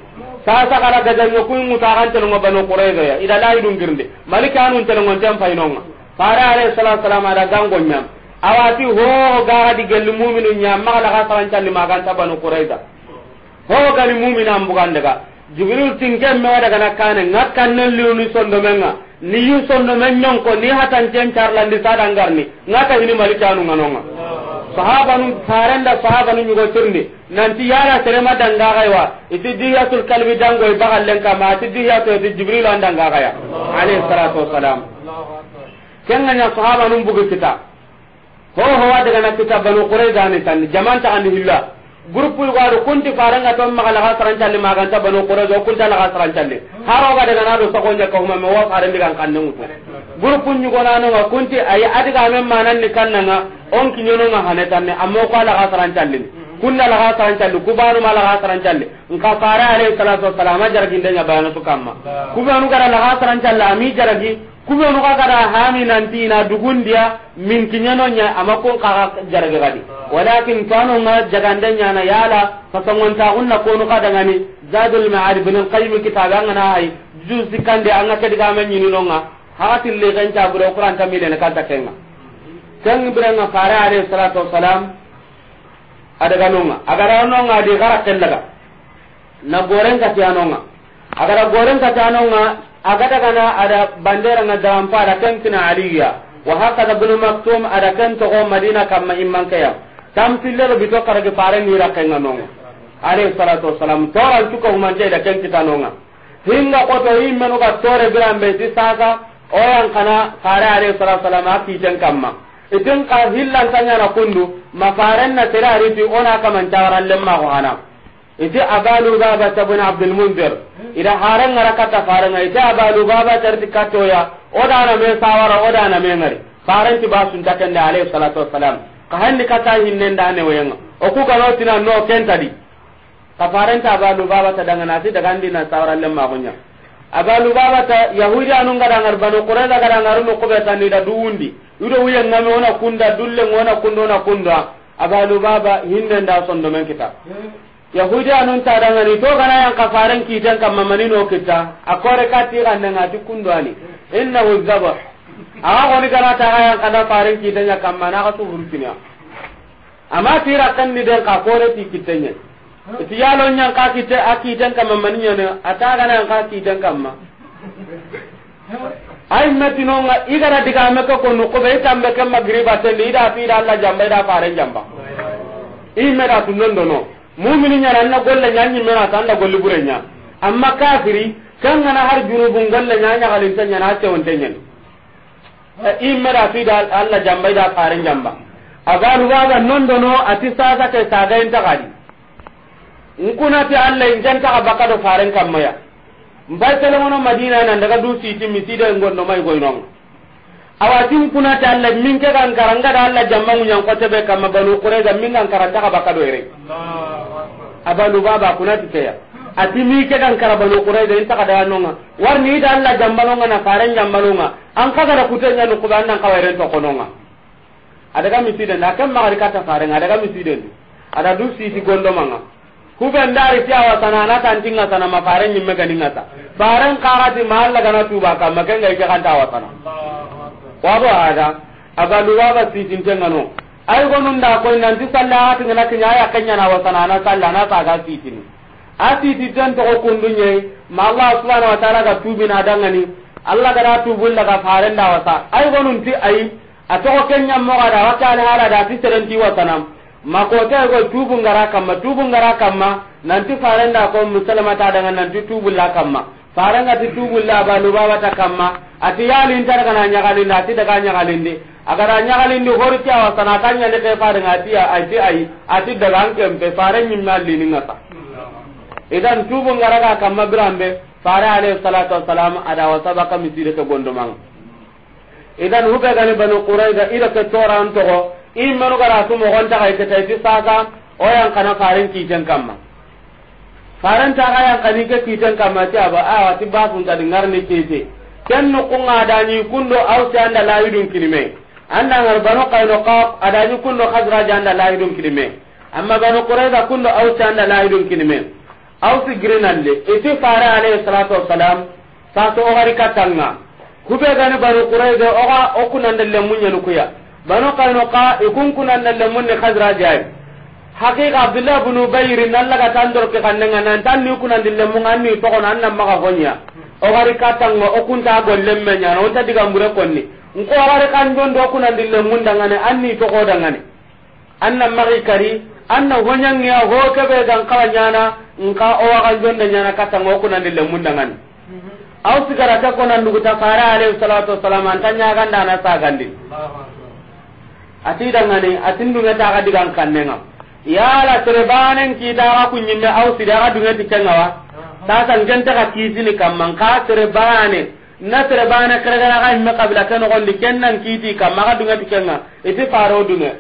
sasa kala gajan yokun muta kan telo ngobano qurayza ya ida lai dungirnde malikanu telo ngontem fainonga fare alayhi salatu wassalam ada gango nyam awati ho gara di gelu muminu nyam magala ka saran tan magan tabano qurayza ho gani mumina ambugandega jibril tinken mewa daga na kane nga kannen liuni sondomenga ni yu sondomen nyonko ni hatan ken carlandi sadangarni nga ta hini mali canu nganonga sahaba nu farenda sahaba nu nyugo tirni nanti yara ma danga gaiwa iti diyatul kalbi dango e bagallen kama iti diyato iti jibril andanga gaya alayhi salatu wassalam kenga nya sahaba nu bugu kita ho ho daga na kita banu qurayza ni tan jaman ta andi hillah groupe waru kunti faranga to magala ha sarancalle maganta banu qurazo kunta la sarancalle haro ga daga nado sako nya ko mamme wa farande kan kanne mutu groupe nyu gona no ga kunti ay adiga men manan ni kannanga on kinyono ma hanetanne amma ko la sarancalle kunna la ga taran kubanu ma la ga taran nka fara alayhi salatu wassalam jaragin da nyabana to kamma kubanu banu gara la ga taran ami jaragi kubanu banu ga gara hami nanti na dugundia min kinyano nya amako ka jarage gadi walakin kanu ma jaganda nya na yala fasangon ta unna kunu kada ngani zadul ma'arib bin qayyim kitabanga na ai juzi kande anga kadiga nyinu nonga hatil le ganta bure qur'an tamile ne kanta kenga kan ibrahim fara alayhi salatu wassalam adaga nonga agara nonga di gara kellaga na goreng ka ti anonga agara goren ka ti anonga agada kana ada bandera nga darampa ada kentina aliya wa hakada ibn maktum ada kan to madina kamma imman kaya tam lo bito karage pare ni rakenga nonga alayhi salatu wassalam toral tuka jai da kentita kitanonga hinga koto imman ka tore birambe ti saka oyan kana kare alayhi salatu wassalam haki jan kamma itin ka hillan tanya na kundu mafaren na tira riti ona kaman tawaran lemma ko hana iti abalu baba tabun abdul munzir ida haran ngara kata faran ai ita abalu baba tarti katoya oda na me sawara oda na me ngari faran ti takan da alayhi salatu wassalam ka hanni kata hinnen da ne wayan o ku kalo tina no kentadi ka faran ta abalu baba ta dangana ti daga ndina sawara lemma ko nya aba bata yahudi anu ngar banu qurayza ngar no kubeta ni da duundi ido wiya ngame ona kunda dulle ngona kunda ona kunda aba lubaba hinde nda sondo men kita yahudi anu ta dangani to kana yang kafaran tan kam mamani no kita akore kati kanne ngati kundo ali innahu zabah aga goni kana ta yang kada faran ya kam mana ka su hurtinya amma tira kan ni den ka kore ti kitenya iti yalo nyan ka kite akiten kamma maninya ne ataga nan ka kiten kamma ay metino i igara diga me ko ko nuko be tambe kam magriba te i da fi da Allah jamba da fare jamba i mera tunon dono mu'mini nya ran na golle nya nyi mera tan da golle bure nya amma kafiri kan ngana har junubun golle nya nya halin tan nya na ce won tan nya e, i mera fi da Allah jamba da fare jamba agaru ga non dono ati sasa ke saga inta kadi nkunati allah injantaxa bakka do faren kammaya mbay madina nan daga du siti miside gonno may goynonga awati nkunati allah min ke gan kara ngada allah jammangu ñankoteɓe kamma banu kurega min gan karantaxa bakka do ere abanu baba kunati keya ati mi ke gan kara banu kurega in taxa daga nonga warni ida allah jambanonga na faren jambanonga an kagara kuteñanu kuɓe an nan kawairen tokononga adaga misiden da ken maxari katta faren adaga misiden du ada du siti gondomanga kuben dari ti awa sana na tan tinga sana ma faren nyimme ga ninga ta faren qarati mahal ga na tuba ka ma kenga ke kan ta awa sana wa do ada aga duwa ba ti tintenga no go nun da ko nan ti salla tinga na kinya ya kanya na wa sana na salla na ta ga ti tin a ti tan to kundunye ma allah subhanahu wa ta'ala ga tubi na dangani allah ga na tubun daga faren da wa sa go nun ti ay atoko kenya mo ga da wa kana ala da ti teren ti wa sanam makote ko tuubu ngara kamma tuubu ngara kamma nanti farenda ko musalama ta daga nanti tubu la kamma faranga ti tubu la ba lu baba ta kamma ati yali intar kana nyagali na ati daga nyagali ndi agara nyagali ndi hori ta wa sana kanya ne ke faranga ati ati ai ati daga ankem be faran nyim na lini ngata idan tubu ngara ka kamma birambe faare alayhi salatu wassalam ada wa sabaka misire ke gondomang idan hukaga ni banu qurayza ira ke toran togo imenu garatu mogon ta kai kata ti saka yan kana farin kiten kamma farin ta ga yan kani ke kiten kamma ti aba a wati ba kun ta dingar ni kete ken no kunga dani kundo au ta anda laidun kilime anda ngar bano kayno qaf adani kundo khazra janda laidun kilime amma bano qurayda kundo au ta anda laidun kilime au si grinalle iti fara alayhi salatu wassalam sa to ogari katanga kube gani bano qurayda oga okunande lemunya nukuya banu kainuka ikun kunan nan lemun ne khazra jai haqiqa abdullah ibn ubayr nan laga tan dor ke kannga nan tan ni kunan dille mun an ni to konan nan maka gonya o gari katang o kun ta gollem ta diga mure konni nko gari kan don do kunan dille mun dangane an ni to ko dangane an nan kari an na gonyan ya ho ke kawa nyana nka o wa kan don nyana katang o kunan dille mun dangane mhm. aw sigara ta konan dugu ta fara alayhi salatu wassalam an tan nya ganda na sa gandi ati dangane ati dunga ta ga digan kannenga yala trebanen ki da ga kunyinda au sida ga dunga tikenga wa ta san genta ka kizini man ka trebane na trebane karagara ga imma qabla kan on ti kam ma ga dunga tikenga ite faro dunga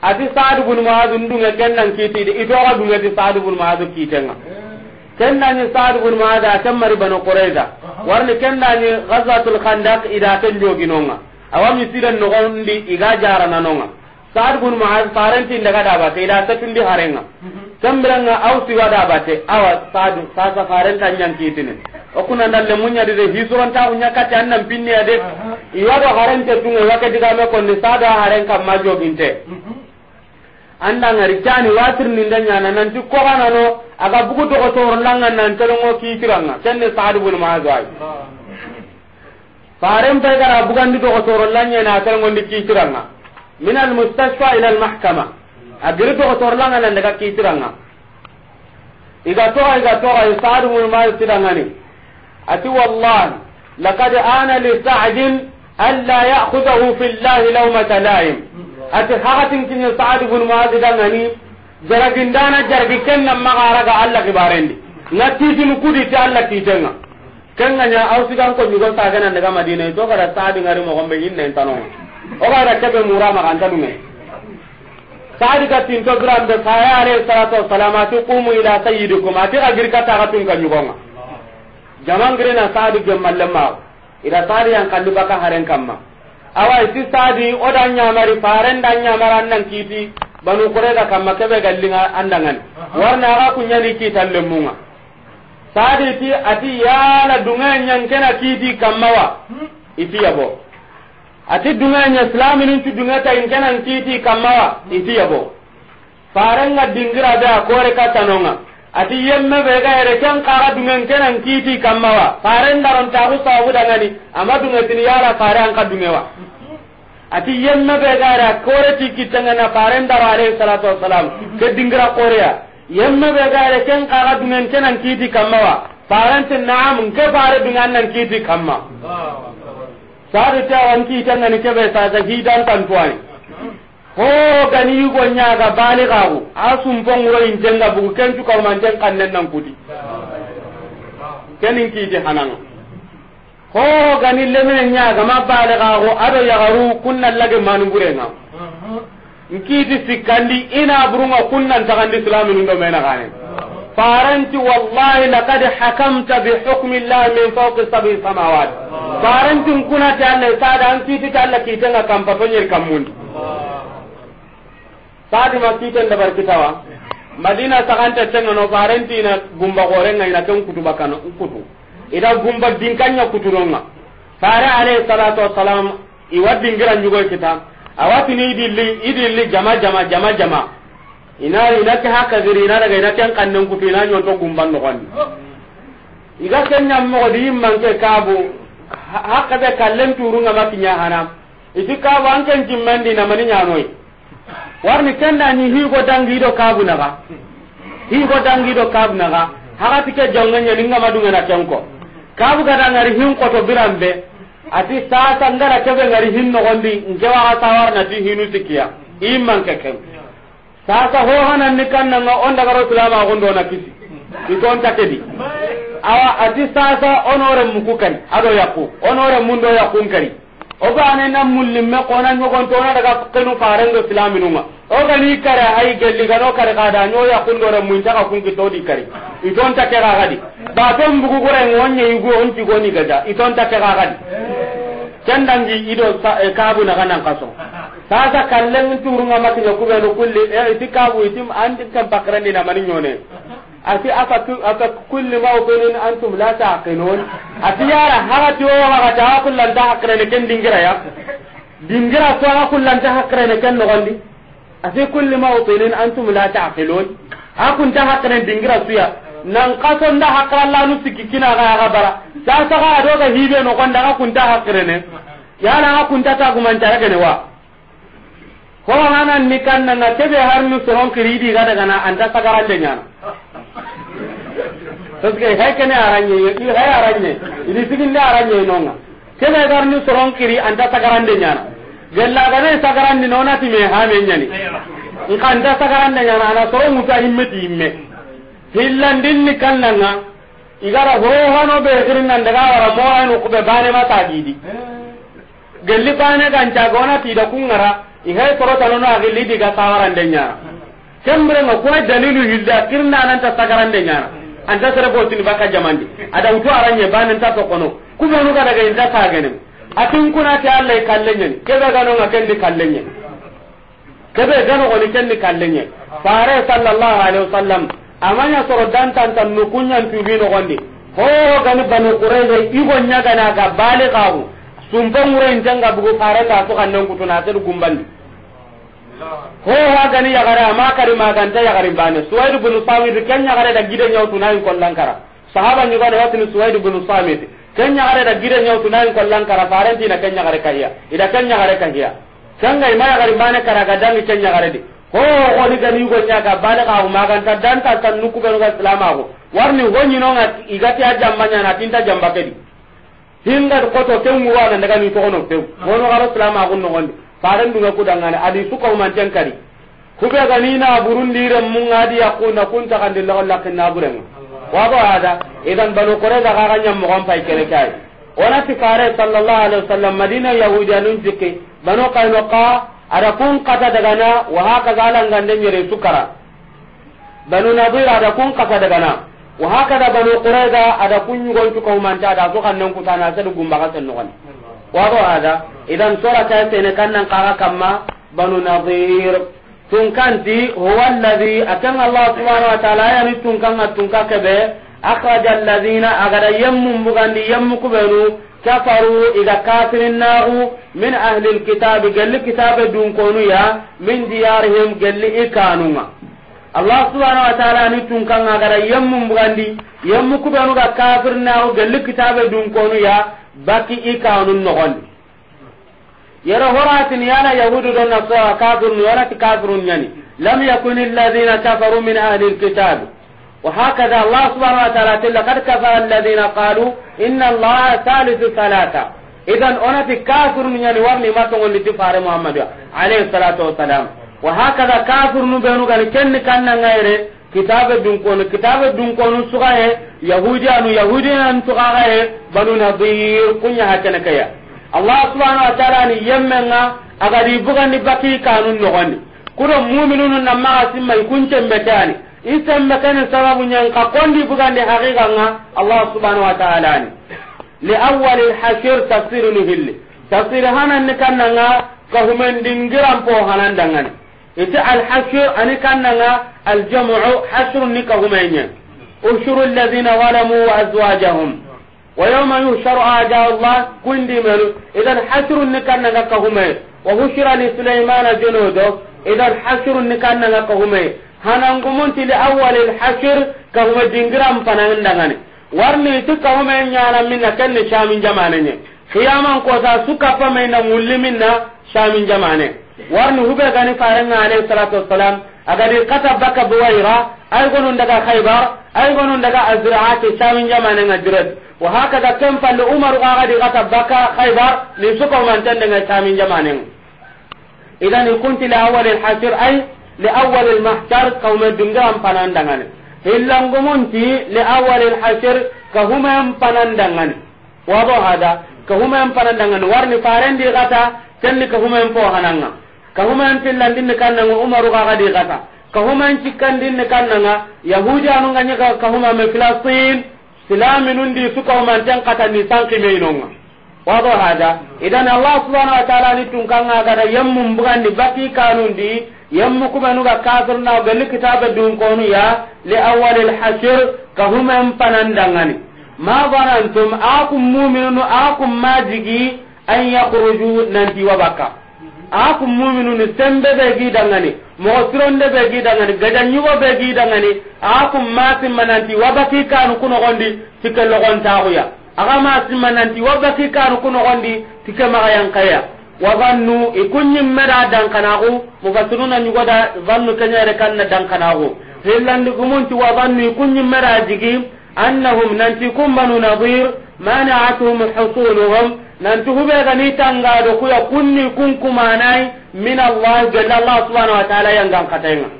ati saadu bun maadu dunga kennan ti di ito ga dunga ti saadu bun tenga kitenga eh. ni saadu bun da tamari banu qurayza warni ni ghazwatul khandaq ida tan joginonga awa misira nogondi iga jarana nonga saad bun muaz da ndaga dabate ida satundi harenga tambiranga aw siwa dabate awa saad sasa farenta nyankitine okuna ndalle munya de unya ka kati annam pinni ade uh-huh. iwado harente tunga wakati game kondi saada harenka majoginte uh-huh. anda ngari cani watir ninda nyana nanti kokanano aga bugu ko to langa nan telongo kikiranga kenne saad bul muaz ay faren pay gara bugandi to otoro lanya na kal ngondi kitiranga min al mustashfa ila al mahkama agiri to otoro langa nan daga kitiranga iga to iga to ay saadu mul mal tidangani ati wallahi laqad ana li sa'din alla ya'khudhahu fi llahi lawmata la'im ati hakatin kinya saadu mul mal tidangani jaragindana jargi kenna magaraga alla kibarendi na titinu kudi ta alla titenga ken kenganya aw sigan ko nyugo ta gana daga madina to kada ta di ngari mo gombe hinne tanu o kada kebe mura ma kan tanu me sadi ka tin to gram de sayare salatu salamatu qumu ila sayyidikum ati agir ka ta gatun kan nyugo ma jaman gre na sadi ge mallama ila sadi yang kan ka haren kamma awa isi sadi o dan nyamari faren dan nyamaran nan kiti banu kore da kamma kebe gallinga andangan warna ga kunyani kitan lemunga sadi ti ati yala dunga nyankena kiti kamawa hmm? iti yabo ati dunga nya islami nin dunga ta inkena kiti kamawa iti yabo farenga dingira da kore katanonga ati yemme be ga ere kan qara dunga kenan kiti kamawa faren daron ta ku sawu danga ni amma dunga tin yala faran ka wa ati yemme be ga a kore ti kitanga na faare daro alayhi salatu wassalam ke dingira korea yemme be gare ken kaga dungen kenan kiti kamma wa parante naam ke pare dungan nan kiti kamma sadu ta wan ki tan nan kebe sa ga hidan tan tuani ho gani go nya ga bali ga go asum wo in jenga bu ken tu ko man jeng kan nan kudi kenin kiti hanan ho gani lemen nya ga ma bali ga go ado ya garu kunna lage manu na. nkiti sikkandi ina burunga kunnan tagandi islami nundo mena gane faranti wallahi laqad hakamta bi hukmi llah min fawqi sabi samawat faranti nkunati allah sada an kititi allah kitenga kampatonyeri kammundi ma kiten dabar kitawa madina saganta tengano faranti ina gumba gorenga ina ken kutuba kano kutu ida gumba dinkanya kuturonga fare alayhi salatu wassalam iwa dingira nyugoy kitam awatini idilli idilli jama jama jama jama ina ina ke haka gari ina daga ina ken kannen kutu ina nyon to gumban no kan iga ken nyam mo di manke kabu haka be kallen turu ngama pinya hana iti kabu an ken jimmandi na mani nyanoi warni ken da ni higo dangi do kabu naga higo dangi do kabu naga haka tike jangan nyani ngama dunga na kenko kabu gada ngari hin ko to birambe ati sasa ngara kebe ngari hinno gondi ngewa atawar warna ti hinu sikia imman kakem sasa ho hanan ni kanna nga onda garo tulama gondo na kisi iton takedi awa ati sasa onore muku kan ado yakku onore mundo yakku kari o ba ne na mulimme kona nan ko to na daga kenu farengo islaminunga ogani kare ay gelli gano kare kada nyo ya kundore mun ta ka kunki to di kare iton ta kera gadi ba to mbugu gore ngonye yugo onti goni gada iton ta kera gadi candangi ido eh, kabu na kanan kaso sasa kallen turunga makinya kubenu kulli e iti kabu itim andi kan bakrandi na mani nyone ati afa afa kulli ma an tum la taqilun ati yara hagati o hagata kullan ta hakrene ken dingira ya dingira to kullan ta hakrene ken no afi kulli mawtinin antum la taqilun akun ta hakana dingira suya nan qaton da hakala la nu sikikina ga ga bara sa ta ga do ga hibe no kon da akun ta ne ya na akun ta ta kuma ta ga wa ko hanan ni kan na tebe har nu soron kiridi ga daga na anta sagara de nyana toske hay kene aranye yi hay aranye ini sigin da aranye nonga tebe har nu soron kiri anta sagara de nyana gella gane sagarandi nonati me hame ñani nkanta sagarande ñana ana soro ŋuta himmeti himme hillandinni kannanga igara horohano ɓe hirinan daga wara mo moaynu kuɓe banema tagidi gelli bane ta gancaga onatiida kungara ihay sorotanono a gilli diga sawarande ñana kembirenga kuwa dalilu hilde a kirnananta sagarande ñana anta sere botini baka jamandi ada wutu aranye banenta tokono kuɓenu gadaga inta tagenem atin kuna ta Allah ke kebe gano ga kendi ke kebe gano ko ni kendi kallenye fare sallallahu alaihi wasallam amanya soro dan tan tan nu kunya tu bi no gonde ho gani banu ne igo nyaga na ga bale gawo sumpa ngure njanga bugu fare ta to kannen kutuna ta gumbandi ho wa gani ya gara ma kari ma ganta ya gari bane suwaidu bin kan ya gara da gidan yau tunayin kollan kara sahaba ni da watni suwaidu bin sawid kenya gare da gire nyau tunai ko lankara parenti na kenya gare kahiya ida kenya gare kahiya sanga ima gare mane kara ga dangi kenya gare di ho ko ni gani go nya ka bana ka uma kan ta dan ta tan nuku ga salama go warni go ni no nga igati aja manya na tinta jamba kedi hinga ko to ken mu wa daga ni to no pe mo no garo salama go no ngondi paren dunga ku dangane adi su uma jankari tan kari kube ga ni na burundi re mun adi na kunta kan dillo lakin na burenga wado ada idan banu qurayza ga ganya mo gon pay kene kay wala ti kare sallallahu alaihi wasallam madina yahudiya nun jike banu qainuqa ara kun kata daga na wa haka galan gande nyere sukara banu nadir ada kun kata daga na wa haka da banu qurayza ada kun yugon tu ko ta da so kan nan kutana sa gumba ka tan nokan wado ada idan sura ta tene kannan kaga kamma banu nadir tunkanti huwa alladhi akan allah subhanahu wa ta'ala yani tunkanga tunka kebe akhraja alladhina agada yammun bugandi yammu kubenu kafaru iga kafirin nahu min ahli alkitabi galli kitabe dun konu ya min diyarihim galli ikanunga allah subhanahu wa ta'ala ni tunkanga agada yammun bugandi yammu kubenu ga kafirin nahu galli kitabe dun konu ya baki ikanun nogondi yara horatin yana yahudu don nasara kafirun yana ti kafirun yani lam yakun alladhina kafaru min ahli alkitab wa hakadha allah subhanahu wa ta'ala laqad kafara alladhina qalu inna allaha thalithu thalatha idan onati kafirun yani warni matongon ti fare muhammadu alayhi salatu wassalam wa hakadha kafirun benu gani kenni kanna ngaire kitabe dun kono kitabe dun kono sugaye yahudi anu yahudi an sugaye banu nadir kunya hakana kaya allah subhanahu wa ta'ala ni yemmenga agadi bugandi baki kanun nogondi kudo mu'minunu namaga simma ikuncembe kani isemme kene sababu nyen ka kondi bugandi haqiqa nga allah subhanahu wa ta'ala ni li awwal al hashr nu hilli tafsir hanan ni nga ka po hanan iti al hashr ani kanna nga aljamu hashr ni ka ushuru alladhina zalamu wa azwajahum ويوم يحشر أعداء الله كن دمنو إذا حشر نكنا نكهما وحشر لسليمان جنوده إذا حشر نكنا نكهما hanangumunti li awwalil hashir kahuma dingiram panangandangani warni ti kahume nyana minna kenni shamin jamanenye qiyaman kota sukappa mayna mulli minna shamin jamane warni hube gani farenga alayhi salatu wassalam agadi kata baka buwaira ay gonun daga khaybar ay gonun daga azraati shamin jamanenga jiret wa hakada kem palle umaru agadi gata baka khaybar min suka man tande ngai tamin jamanen idan kunti la awwal al hasir ay li awwal al mahtar qawma dungam panandangane hillangumunti li awwal al hasir ka huma panandangane wado hada ka huma panandangane warni farendi gata tenni ka huma po hananga ka huma pillandin kannanga umaru agadi gata ka huma cikkandin kannanga ni sukahumanten me sankimeinonga wado hada idan allah subhanahu wa taala ni tunkanga gada yemmum di baki kanundi ga kubenuga kafirnao gelli kitabe ya li ka lhasir kahumen panandangani ma barantum akum muminunu akum majigi an yakruju nanti baka. a ku muminuni sembe be gi dangani mogo sironde be gi dangani gadanyugo be gi dangani a ku masimma nanti wabaki kanu kunogondi tike logontaxuya aga masimma nanti wabaki kanu kunogondi tike magayankaya wavannu ikunñimmeda dankanaxu mufassiruna ñugoda vannu keñere kanna dankanaxu hillandigumunti wavannu ikunñimmeda jigi annahum nanti kumbanu nadir mana'atuhum husunuhum nanti hube gani tangado kuya kunni kunkumanai min allah gella allah subhanau wa taala yangan kataynga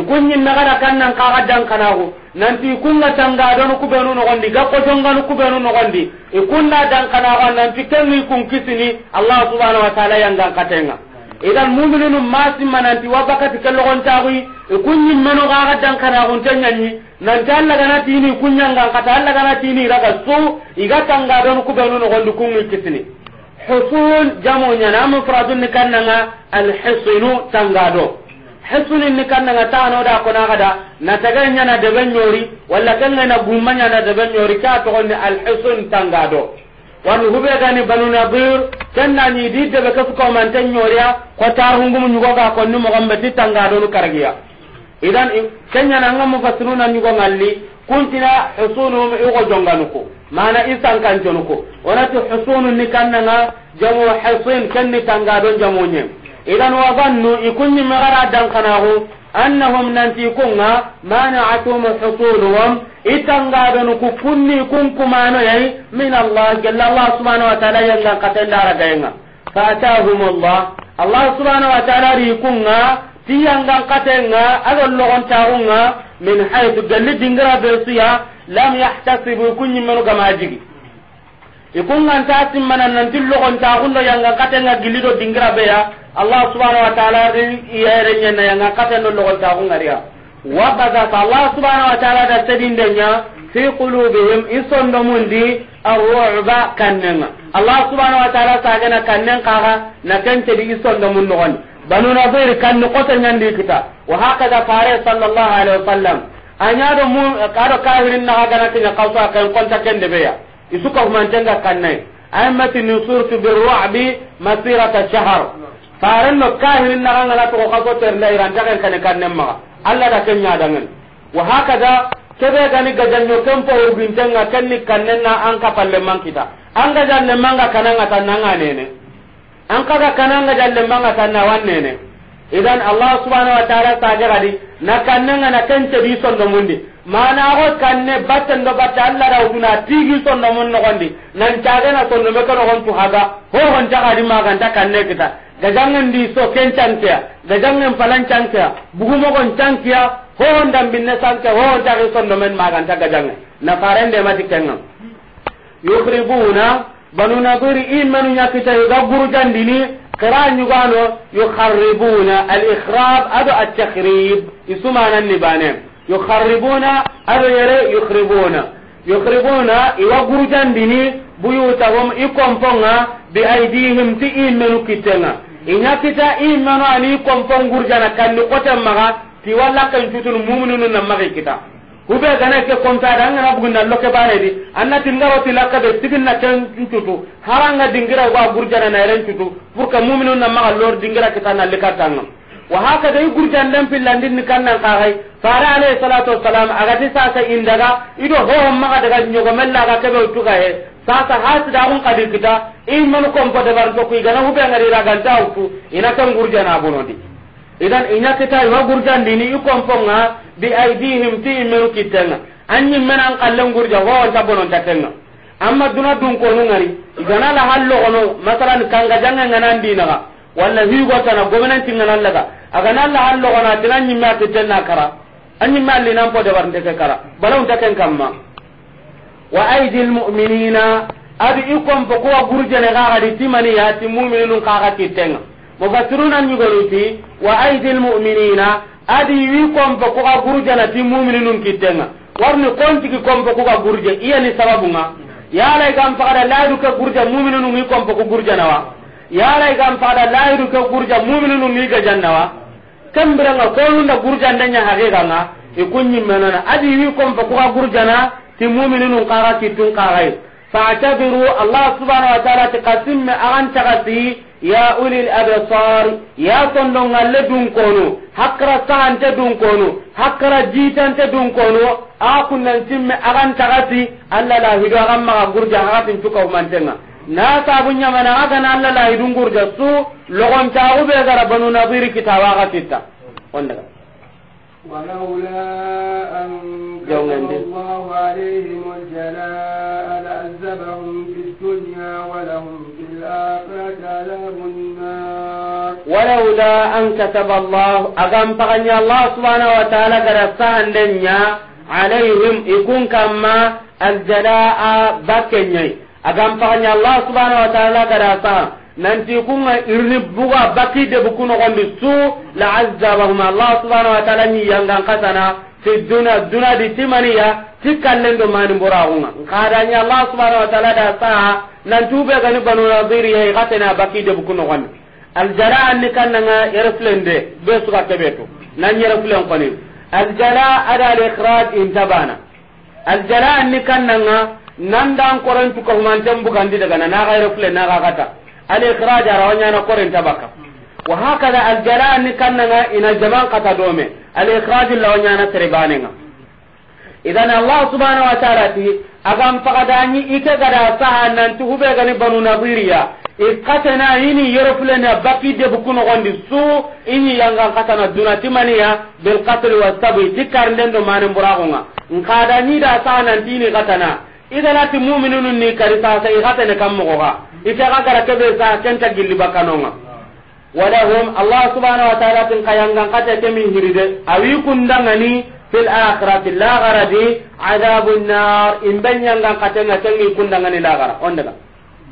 ikunñin nagada kannan kaga dankanaku nanti kun ku ikunga tangadonu kubenu nogondi gakkotonganu kubenu nogondi ikunna dankanaku nanti kengi kun kisini allah subhanau wa taala yangan kataynga idan muminu masin mananti wa bakati kallogon tawi kunyin meno ga ga dan kana gon tanyanyi nan ta Allah gana tini kunyan ga raga so iga tanga don ku benu no husun jamu nyana mufradun ni kannanga al tangado hisnu ni kannanga tano da kona kada na taganya na deben nyori walla kannga na gumanya na deben nyori ka to ni tangado wani hube gani banu nadir kenna ni di de ka fuko man tan nyoriya ko tar hungu mu nyugo ga konni mo gombe ti tanga do nu karagiya idan kenya na ngam mufassiruna nyugo ngalli kuntina husunuhum igo jonganuko mana isan kan jonuko onati husunun ni kanna kannanga jamu husun kenni tanga do jamu nyem idan wa bannu ikunni magara dan kanahu annahum nanti kunga mana'atuhum husuluhum itangadonu ku kunni kun kumano yayi min allah gella allah subhanahu wa ta'ala yanga katenda ragayenga fatahum allah allah subhanahu wa ta'ala ri kunga tiyanga katenga ado logon taunga min haythu galli dingira bersiya lam yahtasibu kunni manu gamajigi ikunga ntatim manan nanti logon taundo yanga katenga gilido dingira beya allah subhanahu wa ta'ala iyere na yanga katen lo ko ta ngariya wa bada allah subhanahu wa ta'ala da tadin denya fi qulubihim isondo mundi arru'ba kannenga allah subhanahu wa ta'ala sagana kannen kaga na kente di isondo mun no banu nadir kan no kota nyandi kita wa hakada fare sallallahu alaihi wasallam anya do mu kado kahirin na haga na tinya kausa kan konta kende beya isuka humantenga kannai aimati nusurtu birru'bi masirata shahr faren no kahirin na kan ngala to ko ko ternda iran ta kan kan kan nemma Allah da kenya dangan wa hakada kebe gani gajanyo tempo urgin tanga kan ni kan nenna an ka palle man kita an ga jan ne manga kananga tan nanga nene an ka ga kananga jan ne manga tan na wan nene idan Allah subhanahu wa ta'ala ta ga gadi na kan nanga na kan ce bi son do mundi mana ko kan ne batten do batte Allah da uguna tigi son do mun no gondi nan ta ga na son do me kan on tu haga ho hon ta ga di ma kan ta kan ne kita gajangen di so ken cankia gajangen palan cankia bugumogon cankia hohon dambinne sanke hohon taki sondomen maganta gajange nafarende mati kenga yukribuna banu nadiri imenu ñakita yoga gurujandini kira ñugano yukharribuna alikhrab ado attakhrib isumananni bane yukharribuna ado yere yukhribuna yukhribuna iwa gurujandini buyutahum i bi aidihim ti imenu kittenga inya kita imanu ani kompon gurjana kandi kotem maga ti walla kan tutun mu'minun nan maga kita kube gana ke konta da ngana bugun na loke bare di anna tingaro tilaka be tigin na kan tutu haranga dingira wa gurjana na ren tutu furka mu'minun nan maga lor dingira kita na likatanga wa haka dai gurjan dan pillandin ni kan nan kai fara alayhi salatu wassalam agati sa indaga ido ho maga daga mella ga kebe tuga he sasa hasida kun kadi kita in man kon ko dabar to ku igana hube ngari ragan tawku ina kan gurja na bonodi idan ina kita wa gurjan ni yu kon ponga bi aidihim ti menu kitenga anyi menan kallan gurja wa ta bonon takenga amma duna dun ko ngari igana la hallo ono masalan kanga janga ngana dina ga walla hi go tana gomenan tingana laga aga na la hallo ona tinan nyi ma kitenna kara anyi malli nan po dabar ndeke kara balon taken kamma wa aidil mu'minina adi ikon fo kuwa gurjene kaxadi timani ya yati mumininun kaxa kittenga mufassiruna ñigonuti wa aidil mu'minina adi wi kon fo kuxa gurjenati mumininun kittenga warni kontigi kon fo kuga gurje iyani sababunga yala igam faxada layiduke gurja mumininun i kon fo ku gurjanawa yala igam faxada layiduke gurja mumininun i gajannawa kembiranga konunda gurjandenya haqiqanga ikun ñimmenona adi wi kon fo kuxa gurjana ti mu'mininu qara ki tun qarai fa'tabiru allah subhanahu wa ta'ala ta qasim aran ta qasi ya ulil absar ya tondo ngalle dun kono hakra sahante dun kono hakra jitante dun kono a kunnan timme aran ta qasi allah la hido aran ma gurja hakatin tukaw mantenga na sabu ñamana a gana allah la hidungurja su logontaaxu ɓe gara banu nadiri kitawa xa titta on ولولا أن كتب الله عليهم الجلاء لعذبهم في الدنيا ولهم في الآخرة عذاب النار ولولا أن كتب الله أغم فغني الله سبحانه وتعالى قرصان لنيا عليهم يكون كما الجلاء بكني أغم فغني الله سبحانه وتعالى قرصان nanti kunga irni buga baki de bukuno gondi su la azabahum allah subhanahu wa ta'ala ni yanga kasana fi dunya dunya di timaniya tikallen do mani boragunga kadanya allah subhanahu wa ta'ala da sa tu be gani banu nadir ye katena baki de bukuno gondi aljara anni kannanga yerflende be suka kebeto nan yerflen koni jara ada al ikhraj intabana aljala kanna kannanga nan dan korantu ko man tambu gandi daga na ga gairflen na kata al ikhraj arawanya na koren tabaka wa hakada al jalan kannanga ina jaban kata dome al ikhraj lawanya na terbanenga idan allah subhanahu wa ta'ala ti agam pagadani ike gada sahan nan tu hube gani banu nabiriya ikatana ini yorofulena baki debukuno gondi su ini yangan katana dunatimaniya bil qatl wa sabi tikarnden do manen buragonga nkada ni da sanan tini katana iganati muminunu ni kari sasa i kam mogoga ikega gara kebe sa kenta gilli bakanonga hum allah subhanahu wa ta'ala tin kayangan kata min hiride awi kundangani fil akhirati la gharadi adabun nar in banyangan kata ngatengi kundangani la gara ondaga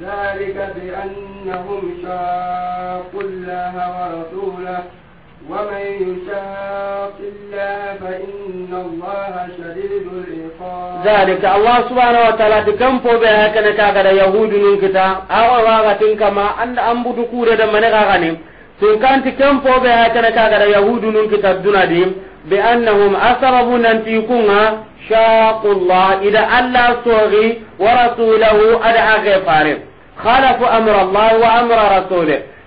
ذلك بأنهم شاقوا wa rasulahu ومن يشاق الله فإن الله شديد العقاب ذلك الله سبحانه وتعالى كم فوبها كان كاغدا يهود نكتا أو واغتين كما أن أمبدو كورة دمنا غاني tun kanti ken poɓe ha kene kagada yahudu nun kita duna di be annahum asababu nanti kunga shaqu llah ida allah sogi wa rasulahu ada age fare khalafu amra allah wa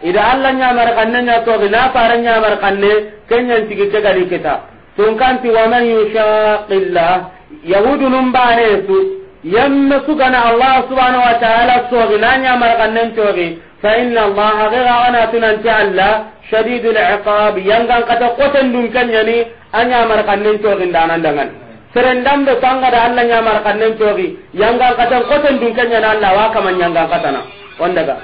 ida alla ñamar kanne ña toxi na fara ñamar kanne kenñan tigi ke gadi kita tun kanti waman yushaqillah yahudu num banesu yemme sugana allah subhanahu wa ta'ala soxi na ñamar kannen coxi fa inna allaha xexa xanatunanti allah shadidu liqab yangan kata koten dun kenñani a ñamar kannen coxi ndanandangan da kangada allah ñamar kannen coxi yangan katan koten dun kenñani allah wa kama ñangan katana on daga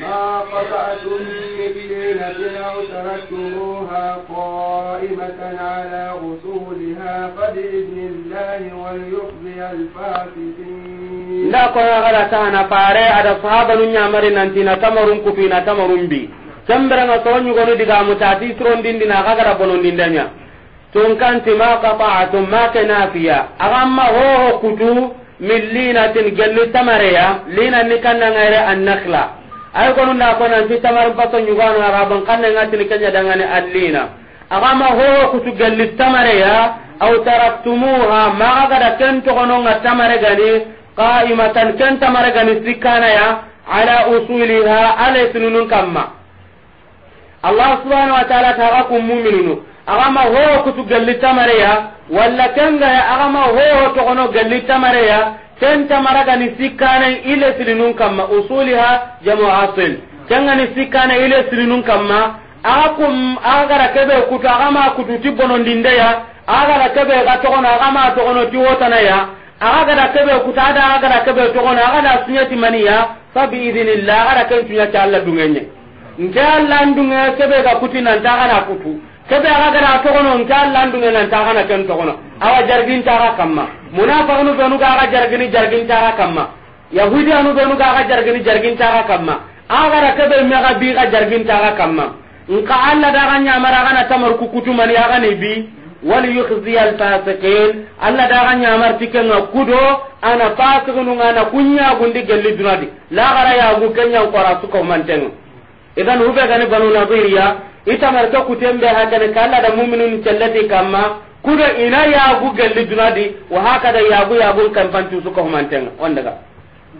ما قطعتم ببينة أو تركتموها قائمة على أصولها فبإذن الله وليخزي الفاسقين لا قوي غدا تانا فاري على صحابة نيا مرنا تينا تمرن كفينا تمرن بي kemberanga soñugonu digamu tati sirondindina kagara bonondindanya tunkanti ma qata'atum ma kanafiya agamma hoho kutu min linatin gelli tamareya linanni kannangayre annakla ay kono na ko nan ti tamar bato nyugano araban kanne ngatini kenya dangane allina agama ho kutu galli tamare ya aw taraktumuha ma agada ken to kono tamare gani qa'imatan ken tamare gani sikana ya ala usuliha ala sununun kamma allah subhanahu wa ta'ala tarakum mu'minun agama ho kutu galli tamare ya walla kenga ya agama ho to kono galli tamare ya ken ni sikkane ile silinun kamma usuliha jamu asil kengani sikkane ile silinun kamma akum agara kebe kutu agama kutu ti bonondindeya agara kebe ga togono agama togono ti wotanaya agara kebe kutu ada agara kebe togono agada sunyati maniya fabi idinillah agara ken sunyati alla dungenye nke alla ndunge kebe ga kuti nanta na kutu kebe aga gara togono nka landunge nan ta kana ken togono awa jargin tara kamma munafiqunu benu ga aga jargini jargin tara kamma yahudi anu benu ga aga jargini jargin tara kamma aga ra kebe me ga bi ga jargin tara kamma nka alla da ganya mara kana tamar kukutu man ya ga bi wal yukhzi al fasiqin alla da ganya mar tiken ga kudo ana fasiqunu ngana kunya gundi gelli dunadi la gara ya gu kenya ko ra su ko mantengo idan hube gani banu nadiriya itamar ka haka ne kala da mu'minun cellati kamma kuda ina ya galli dunadi wa haka da ya bu ya bu kan pantu suka humantenga on daga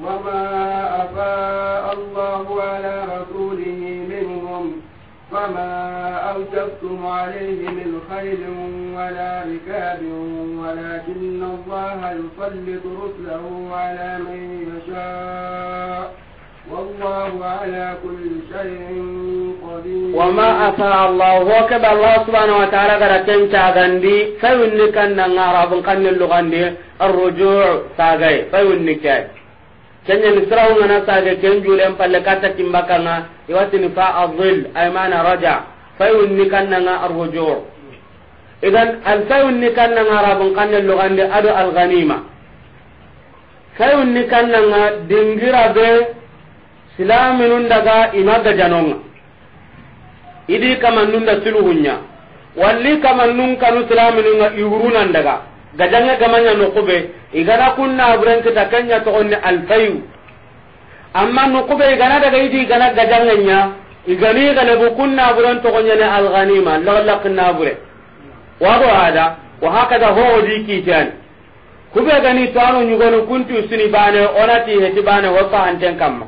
وما أفاء الله على رسوله منهم وما أوجبتم عليه من خير ولا ركاب ولكن الله يسلط رسله على من يشاء والله على كل شيء قدير وما أفاء الله وكذا الله سبحانه وتعالى قد تنشا غندي فيوني كان عرب قن اللغندي الرجوع ساغي فيوني كاي kenya ni sirawu ngana sage ken jule palle kata timbaka nga iwati ni fa adhil ay mana raja fayun ni kanna nga arwujur idan al fayun ni kanna nga rabun kanne lugande ado al ghanima fayun ni kanna nga dingira be silaminun daga ima janonga idi wali da sulhunya walli kamannun kanu silaminunga iwurunan daga gajanga gamanya nukube igana kunna aburenkita kenya togonni alfayu amma nukube igana daga idi igana nya igani ganabu kunna aburen togonyane alghanima lawlaqna abure wado hada wa hakada hoodi kitani kube gani tuanu nyugonu kuntu suni bane onati heti bane wasa hanten kamma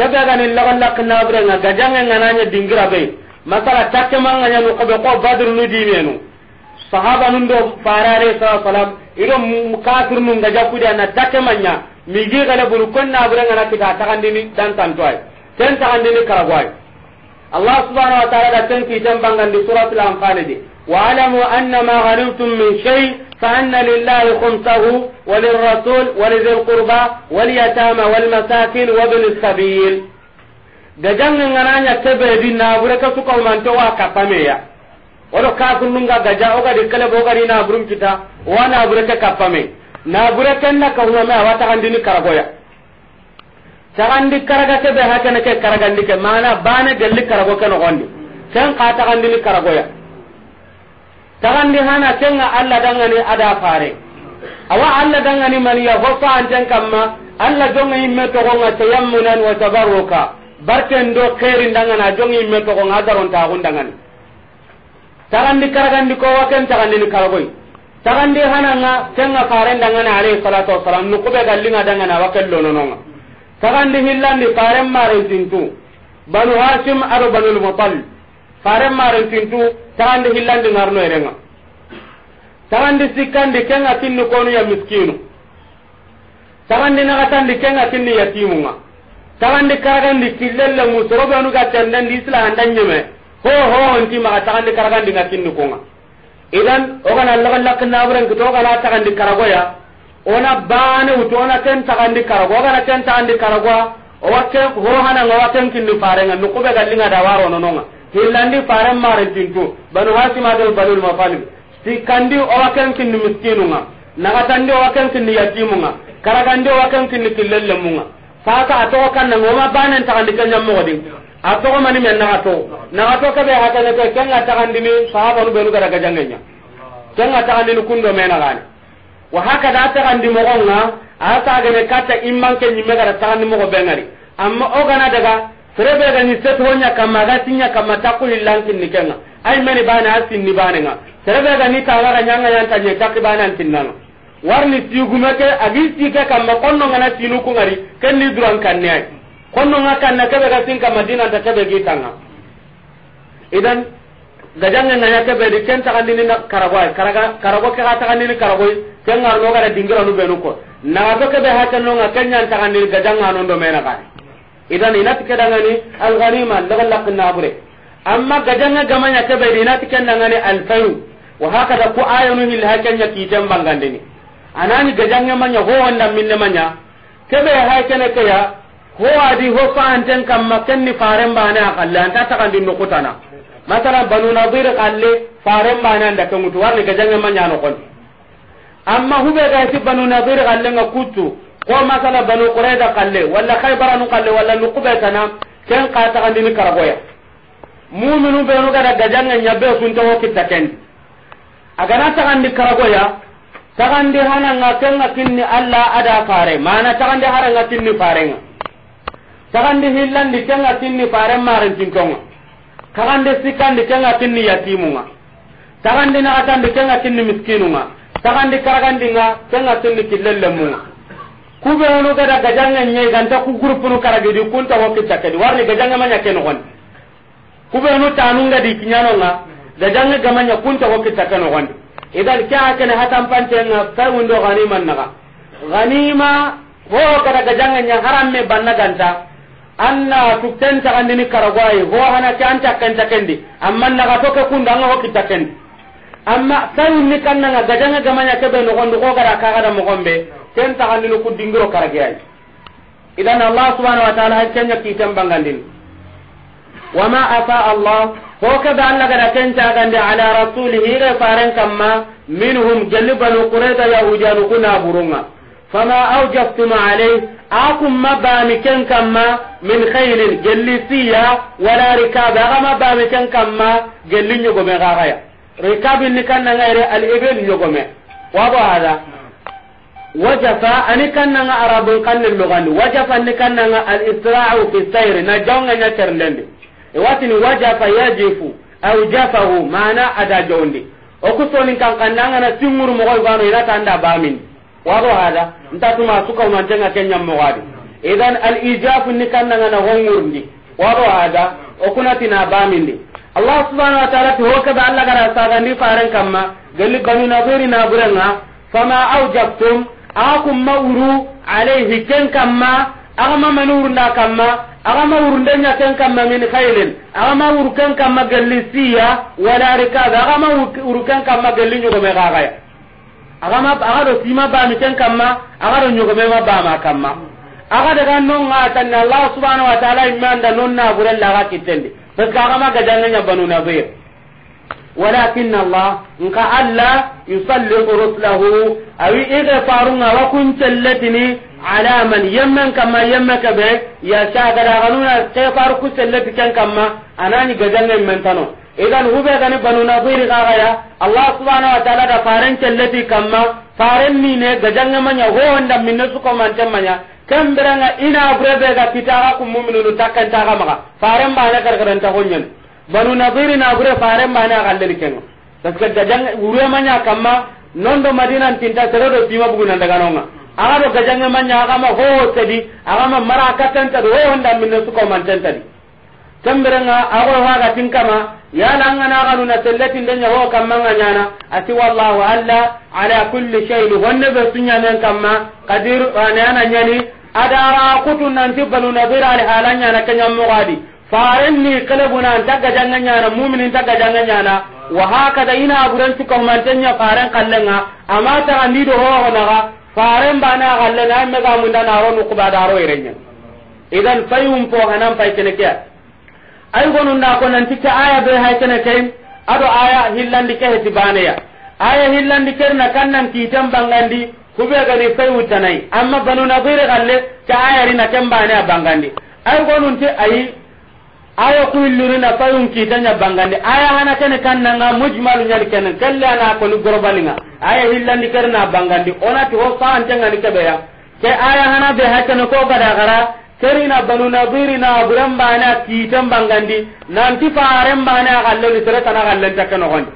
kebe ga nin lagon lakin na bure nga gajange nga nanya dingira be masala takke manga nya no kobe ko badr nu dimenu sahaba nun do farare sa salam ido kafir nun gaja kuda na takke nya mi gi gale buru konna bure nga na nakita takandini dan tantoy ten ni karagwai allah subhanahu wa ta'ala da ten ki tan bangandi suratul anfal di واعلموا أن ما غنمتم من شيء فأن لله خمسه وللرسول ولذي القربى واليتامى والمساكين وابن السبيل gajange ngananya kebedi nabureka sukaumante wa kapameya oɗo kakunnunga gaja ogadi kelebe ogadi naburum kita owa nabureke kappame naburekenna kahumame awa tagandini karagoya tagandi karaga kebe hakeneke karagandike mana bane gelli karago ke nogondi ken ka tagandini karagoya tagandi hana kenga alla dangani ada fare awa alla dangani man ya hofa anten kamma alla jonga imme to gonga tayammunan wa tabarruka barken do khairin dangana jonga imme to gonga daron ta gon dangani tagandi karagandi ko waken tagandi ni karagoy tagandi hananga kenga fare dangana alayhi salatu wassalam nukube gallinga dangana wakel lonononga tagandi hillandi fare mare tintu banu hashim aro banul mutalib faren maren tintu tagandi hillandi ngarno erenga tagandi sikkandi kenga kinni konu ya miskinu tagandi nagatandi kenga kinni yatimunga tagandi karagandi killelle musorobenu gattandandi isla handan ñeme ho ho onti maga tagandi karagandi nga kinni konga idan ogana kito ogana tagandi karagoya ona bane wutu ona ken tagandi karago ogana ken tagandi karagoa owa ken hohananga owa ken kinni farenga nukube gallinga dawaronononga hillandi faren marentintu banu hasimadel banul mafalib sikkandi owa kenkinni miskinunga nagatandi owa kenkinni yatimunga karagandi owa kenkinni killellemunga fata atogo kannanga oma banen tagandi kenyammogodin atogo mani men nagato nagato kebe hatanete kenga tagandini sahabanu benu gara gajangenya kenga tagandini kundo menagani wa hakada tagandi mogonga ata gane kata imman kenyimme gara tagandi mogo bengari amma ogana daga serebe ga ni setu honya kama ga tinya kama takuli lankin ni kenga ay meni bana asin ni bana nga serebe ga ni tawa ga nyanga yanta nye takri bana antinna nga warni tiigumeke agi siike kama konno ngana tinu kungari ken ni duran kanne ay konno nga kanna kebe ga tin kama dinanta kebe gitanga idan na nganya kebe di ken tagandini na karagoy karaga karago ke ga tagandini karagoy ken ngarno ga dingira nu benu ko na ga kebe ha tanno nga kenya tagandini gajanga non do mena ga idan inati al alghanima lagal laqna abure amma gadanga gamanya kebe da inati al alfayu wa hakada ku ayanu hil hakanya ki jambangandeni anani gadanga manya ho wanda minne manya kebe ha ke ya ho adi ho fa anten kam makenni faren bana akalla anta takandi nokutana masalan banu nadir kalle faren bana anda kamutu warni gadanga manya no kon amma hube ga si banu nadir kalle ngakutu ko masala banu qurayda kalle walla khaybara nu kalle walla luqube tana ken ka ta ni dini karagoya mu'minu be nu gada gajanga nyabe sun to kitta ken aga na ta kan di karagoya ta kan hana hananga ken na tinni alla ada fare mana ta hara di tinni fare nga ta hillan di ken na kinni faren marin tinkonga ta sikan di ken na kinni yatimunga ta kan na atan di ken na kinni miskinunga ta kan di karagandinga ken na kinni killellemunga kuɓenu gada gajanga ñe ganta ku groupe nu di kunta wokkita kedi warni gajanga maña kenogoni kuɓenu tanungadi kiñanonga gajanga gamaña kunta wokkita kenogondi idan ke a kene hatampantenga kai wundo ganiman naga ganima ho gada gajanga ña haramme banna ganta anna tukten tagandini karagwayi ho hana ke an cakken kendi amma naga toke kunda anga wokkita kendi amma kai wunni kannanga gajanga gamaña keɓe nogondi ho gada kagada kombe. ken taxandini ku dingiro karageyay idan allah subhanau wa taala hay kenya kiten bangandini wama afa allah hokebe allah gada kencagande ala rasulihi ige faren kamma minhum jalli banu qureta yahudiyanu naburunga fama aujaftuma alayh a kumma bami ken kamma min khairin gelli siya wala rikabe agama bami ken kamma gelli ñogome xaxaya rikabinni kannangayre al ibel ñogome wabo hada wajafa ani kannanga arabun kanni lugandi wajafa ni kannanga al isra'u fi sayr na jawnga nya terlendi e watini wajafa yajifu aw jafahu mana ada jawndi o ku sonin kan kannanga na tinguru mo goy gano ina tanda bamin wado hada ntatuma suka man tenga kenya mo wadi idan al ijafu ni kannanga na hongurndi wado hada o kuna kunatina bamindi allah subhanahu wa ta'ala to hokaba allah gara sagandi faran kamma galli banu nadiri na burenga fama awjabtum aga kumma uru alayhi ken kamma aga ma mani wurunda kamma aga ma wurundenya ken kamma min khailin aga ma uru ken kamma gelli siya wala rikaga aga ma wuru ken kamma gelli nyugome gagaya aga ma aga do sima bami ken kamma aga do nyugome ma bama kamma aga daga non nga tanna allah subhanahu wa ta'ala non na burella ga kitende parce que aga ma gadanga nya walakin allah nka alla yusallitu rusulahu awi ige farunga wa kun kuncelletini ala man yemmen kamma yemme kebe ya shagaraganuna ke faru kun kucelleti ken kamma anani gajangen mentano idan hube gani banu nadiri kagaya allah subhanahu wa taala da faren celleti kamma faren ni ne man manya ho wanda minne suko mante manya kembiranga ina burebe ga pitaga kum mu'minunu takkan taga maga faren bana gargaranta honyen banu nadiri na gure fare mana gallel kenga parce que gajang manya kamma nondo madina tinta seredo pima buguna daga nonga aga do gajang manya aga ma ho tedi aga ma mara ta do ho minna su ko man tantadi tamberenga ago ha ga tinkama ya langana ga nuna sallatin ya ho kamma na ati wallahu alla ala kulli shay'in wanne be sunya nan kamma qadir wa nana nyani adara kutun nan tibanu nadira ala halanya na kanyam mugadi faren ni kala buna anta gajanga nyana mu'min anta gajanga nyana wa hakada ina buran su ko mantenya faren kallenga amma ta andi do ho naga faren bana kallenga na me ga mun dana ro nu kuba daro irenya idan fayum po hanan fay kene kya ay gonu na ko nan tikka aya be hay kene kay ado aya hillandi ke heti bane ya aya hillandi kerna kannan ti tan bangandi kube ga ni fayu tanai amma banu na galle ta aya rina kan bane bangandi ay gonu ti ayi awa kuillunina payun kitanya bangandi aya hana kene kannanga mujmalu nyali kene kelle ana koni gorobalinga aya hillandi kerna bangandi onati ho saantengani keɓeya ke aya hana be hakkene ko gada gara kerina banu nadirina aburen bane a kiiten bangandi nanti faren bane a galleni seretana gallenta ke nogondi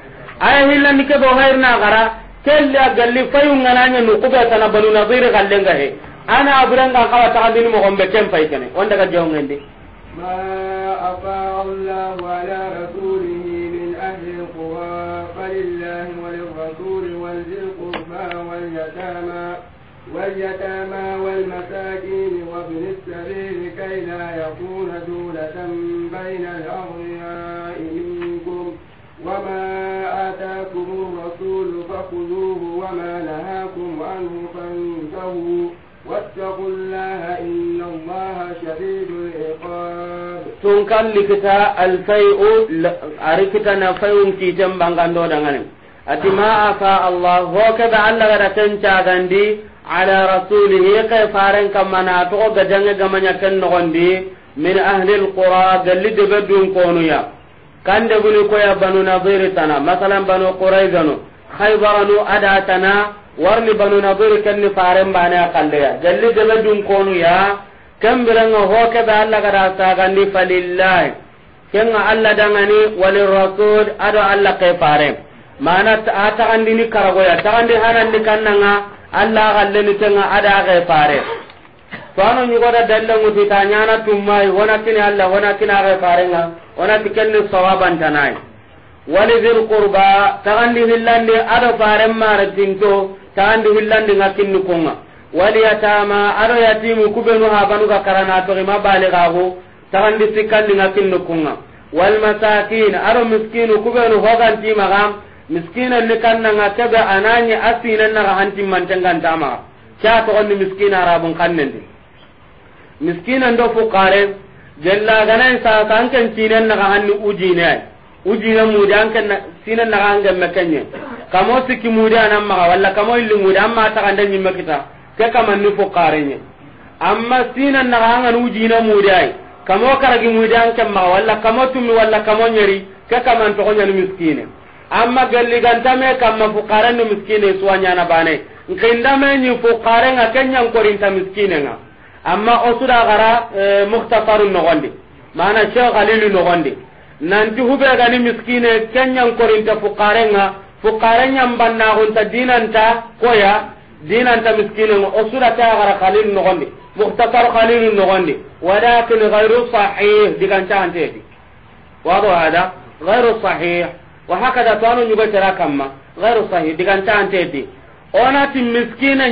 aya hillandi keɓe ohairina gara kelle a galli payungananye nukuɓe tana banu nadiri gallenga he ana aburengan kawa taxandini mogonɓe ken pay kene on daga jewgendi ما أطاع الله على رسوله من أهل القرى فلله وللرسول ولذي القربى واليتامى واليتامى والمساكين وابن السبيل كي لا يكون دولة بين الأغنياء منكم وما آتاكم الرسول فخذوه وما نهاكم عنه فانتهوا واتقوا الله إن الله شديد العقاب tun kan likita alfai'u arikita na fai'un kitan bangando dangane ati Allah ho ke da Allah ga tan cagandi ala rasulihi kai faran kamana to ga jange gamanya kan nogondi min ahli alqura galli de bedun konuya kande buni ko ya banu nadir tana masalan banu quraizano khaybaranu adatana warni banu nadir ni faren bane a kalleya jalli debe dun konu ya kembirenga hokebe allah gada sagandi falillahi kenga allah dangani walirasul ado allah ke faren mana a tagandini karagoya tagandi hanandi kannanga allah galleni tenga ada ke fare toano ñugoda dallenguti ta ñana tummayi wonakini allah wonakini ake farenga wonati kenni sawabantanayi walidil qurba tagandi hillandi ado faren maratinto taandi hillandi nga kinni konga waliyatama ado yatimu kubenu habanuga karanatogima baligago taandi sikkandi nga kinni konga walmasakin ado miskinu kubenu hogantimaga miskinanni nga kebe ananyi asinennaga hantimmantengantamaga ca togonni miskina arabun kannendi miskinan do fukare gellaganayi sasa anken sinennaga hanni ujine ujine mudi anken sinennaga angemme kenye kamo sikki mudi anan maga walla kamo illi mudi amma taganda ñimme kita ke kamanni fukarenye amma sinan naga hangani wujina mudi ay kamo karagi mudi an ken maga walla kamo tumi walla kamo ñeri ke kaman togoñani miskine amma galligantame kamma fukarenni miskine suwañana bane nkindameñi fukarenga ken ñankorinta nga. amma o suda gara e, muhtasaru nogondi mana cheikh alilu nogondi nanti hubegani miskine ken ñankorinta nga. fukare hunta dinanta koya dinanta miskinin o ta gara khalil nogondi muhtasar khalilu nogondi walakin gairu sahih di wado hada gairu sahih wa hakada tanu nyuga ñugotera kamma gairu sahih digancaanteeti onati miskine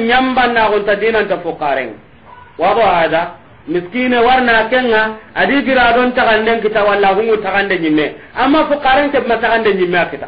hunta dinanta fukarenga wado hada miskine warna kenga adi giradon tagande kita wallahu hungu nyime amma fukarenke ma matagande nyime a kita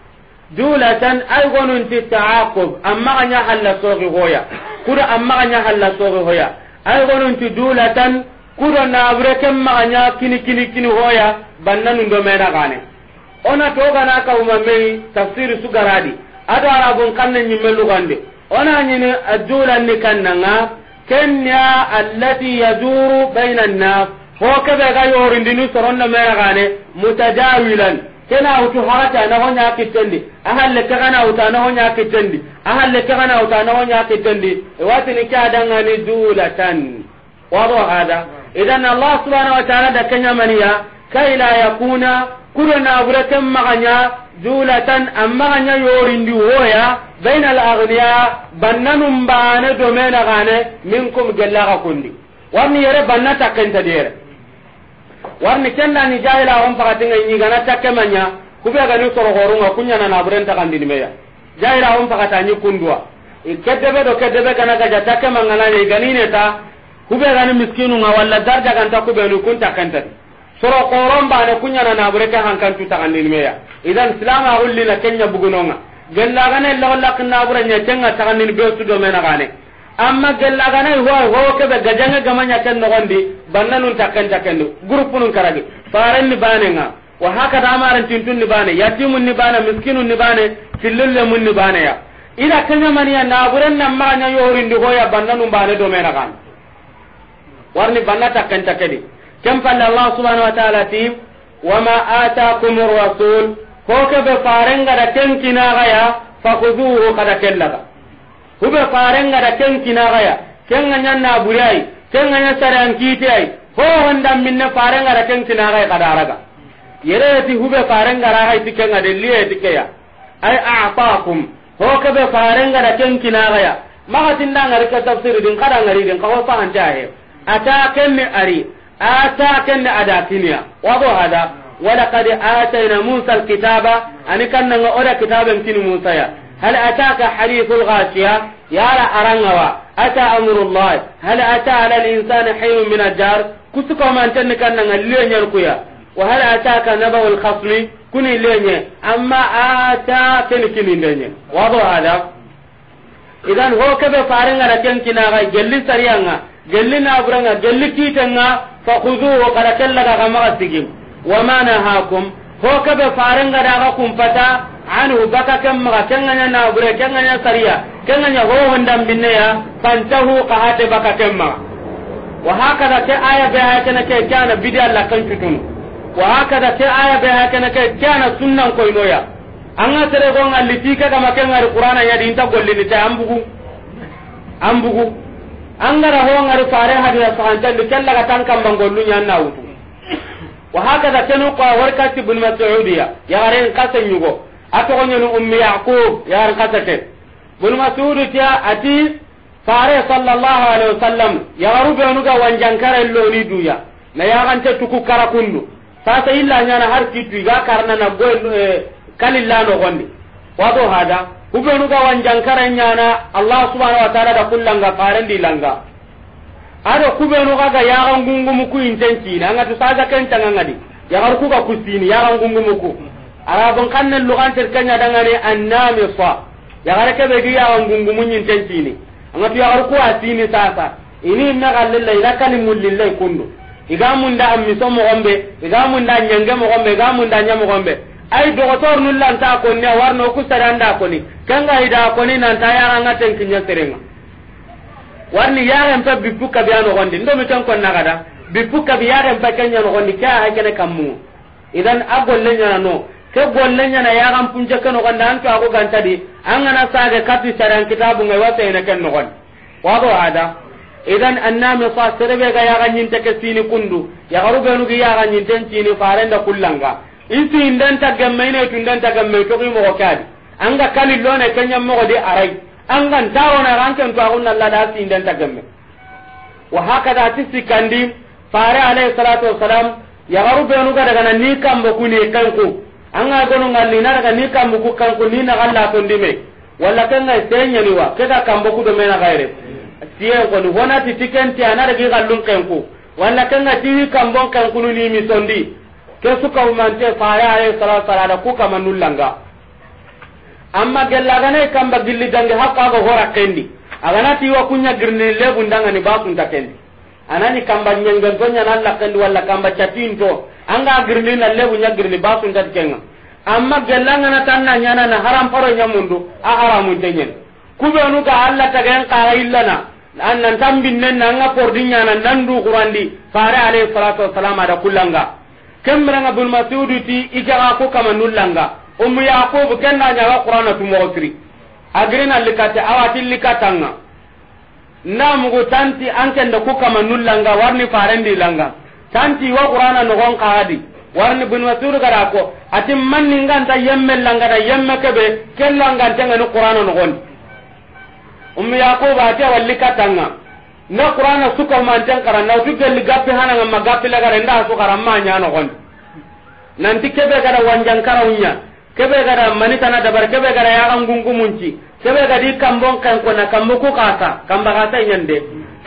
julatan ay gonunti taaqub amma ganya halla sogi hoya kudo amma ganya halla sogi hoya ay gonunti julatan kudo nabure kem maganya kini kini kini hoya banna nundo mena gane ona to gana ka umamei tafsir sugaradi ado arabun kanne nyimelu gande ona nyine ajulan ni kannanga kenya allati yaduru bainan nas ho kebe ga yorindini soronna mena gane mutajawilan kena wuti horata na honya kitendi ahalle kana wuta na honya kitendi ahalle kana wuta na honya kitendi e wati ni kada ngani dulatan wado hada idan allah subhanahu wa ta'ala da kanya maniya kai la yakuna na buratan maganya dulatan amma ganya yorindi woya bainal aghniya bannanum bana domena gane minkum galla kundi wani yare banna takanta dere warni kenda ni jahila on pakati ngai ni gana kemanya kubya gani soro horunga kunya na naburen ta kandini meya jahila on pakata ni kundwa kedebe do kedebe kana ga jata kemanga ngana ni gani ne ta kubya gani miskinu nga walla darja kan ta kubya ni kunta kanta soro qoron ba ne kunya na nabure ka hankan tu ta kandini meya idan salama hulli na kenya bugunonga gella gane lawla kan nabure nya tenga ta kandini be su do mena gane amma gella ganai ho ho ke be gajanga gamanya ken no gondi banna nun takkan takkan do group nun karagi faran ni bane nga wa haka da amaran tintun ni bane yatimun ni bane miskinun ni bane tillulle mun ni bane ya ida kanya maniya na buren nan ma nya yorin di hoya banna nun bane do mena kan warni banna takkan takkedi kam falla allah subhanahu wa ta'ala ti wa ma ataakumur rasul ko ke be faran ga da tenkina ga ya fakhuduhu kada kellaga hube farenga da ken gaya ken ga na burai ken ga saran an kitiai ho honda minne farenga da ken kinagaya kadaraga yere ti hube farenga ra hay ti ken ga de ti kaya ya ay a'taakum ho ke be farenga da ken kinagaya maka tinda ngari ka tafsir din kada ngari din ka ho fa hanta he ata ken ne ari ata ken ne ada kinya wado hada ولقد آتينا ataina musa alkitaba كان نغا أورا كتابا كين موسى يا هل أتاك حديث الغاشية يا أرنوا أتى أمر الله هل أتى على الإنسان حين من الجار كسكو ما أنتن كان اللي ينكويا وهل أتاك نبأ الخصم كن اللي أما أتى كن كن واضح هذا idan ho kebe farenga da ken kina ga gelli sariyanga gelli naburanga gelli kitanga fa khudhuhu qala kallaka kama asigim wa ma nahakum ho kebe farenga daga kumpata anu baka kemma kenganya na bure kenganya sariya kenganya ho hondam binne ya fantahu qahate baka kemma wa hakada ta aya be aya kana ke kana bid'a la kan tutun wa hakada ta aya be aya kana ke kana sunnan ko inoya anga tere ko ngalli tika kama kenga qur'ana ya dinta golli ni ta ambugu ambugu angara ho ngari fare hadira sahan tan kella ka tan kam bangollu nyanna wutu وهكذا كانوا قاوركات بن مسعودية يا رين قسن يغو أتغني أم يعقوب يا رين قسكت بن مسعود تيا أتي فاري صلى الله عليه وسلم يا ربي أنوغا وانجانكار اللوني دويا na yaxante tuku kara kundu sasa illa ñana har kitu iga karna na go kalilla nogondi wato hada hubenuga wanjankara ñana allah subhanau wa taala da kullanga farendi langa ado kubenu kaga yagan gungumu ku inten kina anga to saja ken nga di yagar ku ka kusini ngungu gungumu ku arabon kanne lugan ter kanya dangane annamisa yagar ke be di yagan gungumu nyinten kini anga to yagar ku asini sasa ini na gallilla ila kalimul lillahi kundu iga munda ammi so mo gombe iga munda nyange mo gombe iga munda nyamo gombe ay dogotor nullanta konni warno ku saranda koni kanga ida koni nanta yaranga tenkinya serenga warni yaren pa bippu kabi ano gondi ndo mi tan konna kada bippu kabi yaren pa kenya no gondi kya ha kene kammu idan agolle nyana no ke golle nyana yaran punje kano gondi an to ago ganta di an ana sage katu saran kitabu ngai wata ina ken no gondi wado hada idan annami fa serebe ga yaran nyinte ke sini kundu ya garu benu ga yaran nyinte sini farenda kullanga isi indanta gamme ne tundanta gamme to ko mo kadi anga kalillo ne kenya mo di arai angan tawona ranken to agun Allah da sin den tagamme wa hakada tisikandi fare alayhi salatu wassalam ya garu be nuga daga na ni kambo kuni kanku anga gono ngalli na daga ni kambo ku kanku ni na Allah to ndime walla kanga tenya ni wa keda kambo ku do mena gaire tiye ko ni wona ti ana daga gallun kanku wala kanga ti kambo kanku ni mi sondi ke suka umante fare alayhi salatu wassalam ku kamanul langa amma gellagana kamba gilli dange hakka ga hora kendi agana ti wa kunya girne lebu ndangani ni ba kunta kendi anani kamba nyengen to nyana Allah kendi walla kamba chatin to anga girni na lebu nya girni ba kenga amma gellangana tanna nyana na haram paro nyamundu a haramun tenyen kubenu ga Allah tagen qara illana annan tambinne nanga nya nan dandu qurandi fare alayhi salatu wassalam ada kullanga kemranga bul masudu ti ikara ko kama nullanga ummu yaqub kenna nyaga qur'ana tumo siri agrina likate awati likatanga na mugu tanti anke nda ku kama nga warni farendi langa tanti wa qur'ana no gon qadi warni bin wasuru gara ko atim manni ta yemme langa da yemme kebe kella nganta ngani qur'ana no gon ummu yaqub ate wallikatanga na qur'ana suka tan karanna tu gelli gappe hananga magappi la garenda su karamma nya no gon nanti kebe gara wanjang unya kebe gara mani tana dabar kebe gara ya kan gungu munci kebe gadi kambon kan ko na kambo ku kasa kamba kasa nyande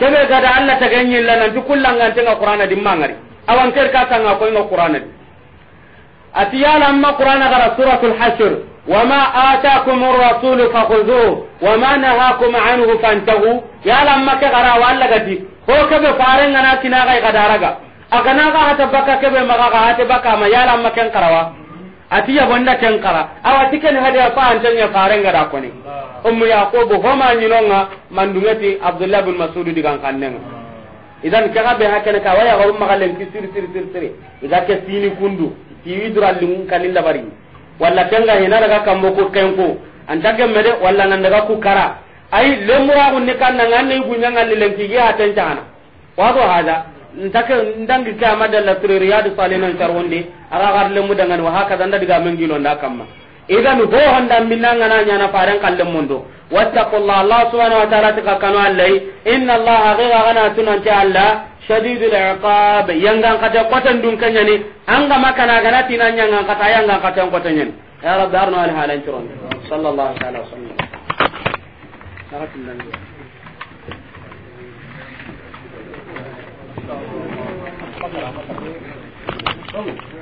kebe gada Allah ta ganye la nan dukullan kan tinga qur'ana di mangari awan ker ka tanga ko ngo qur'ana ati ya lamma qur'ana gara suratul hashr wama ataakumur rasul fakhudhuhu wama nahakum anhu fantahu ya lamma ke gara walla gadi ko kebe farenga na kinaga ga daraga aga na ga hata baka kebe maga ga hata baka ma ya lamma ken karawa ati yabonda ken kara awa tiken hadiya fa antenya farenga da koni ah. ummu yaqub homa nyinonga mandungati abdullah bin mas'ud digan kannenga ah. idan kaga be hakene ka waya ga umma galen ki sir sir sir sir ke sini kundu ti widra lingun kalin labari walla tenga hina daga kambo ko kenko antage mede walla nan daga ku kara ai lemura kunni kannanga anne gunyanga lilen ki ya wa go hada ntake ndangi ke ama dalla tiri riyadu salina carwondi aga garlemu dangani wa hakaza nda diga mengino nda kamma idan ho honda minanga na nyana faran kallam mundo wattaqullah allah subhanahu wa ta'ala tika kanu allai inna allah ghayra ghana tunan ta allah shadidul iqab yangan kata kotan dun kanya ni anga makana gana tinan yangan kata yangan kata ya rabbi arno al halan sallallahu alaihi wasallam الله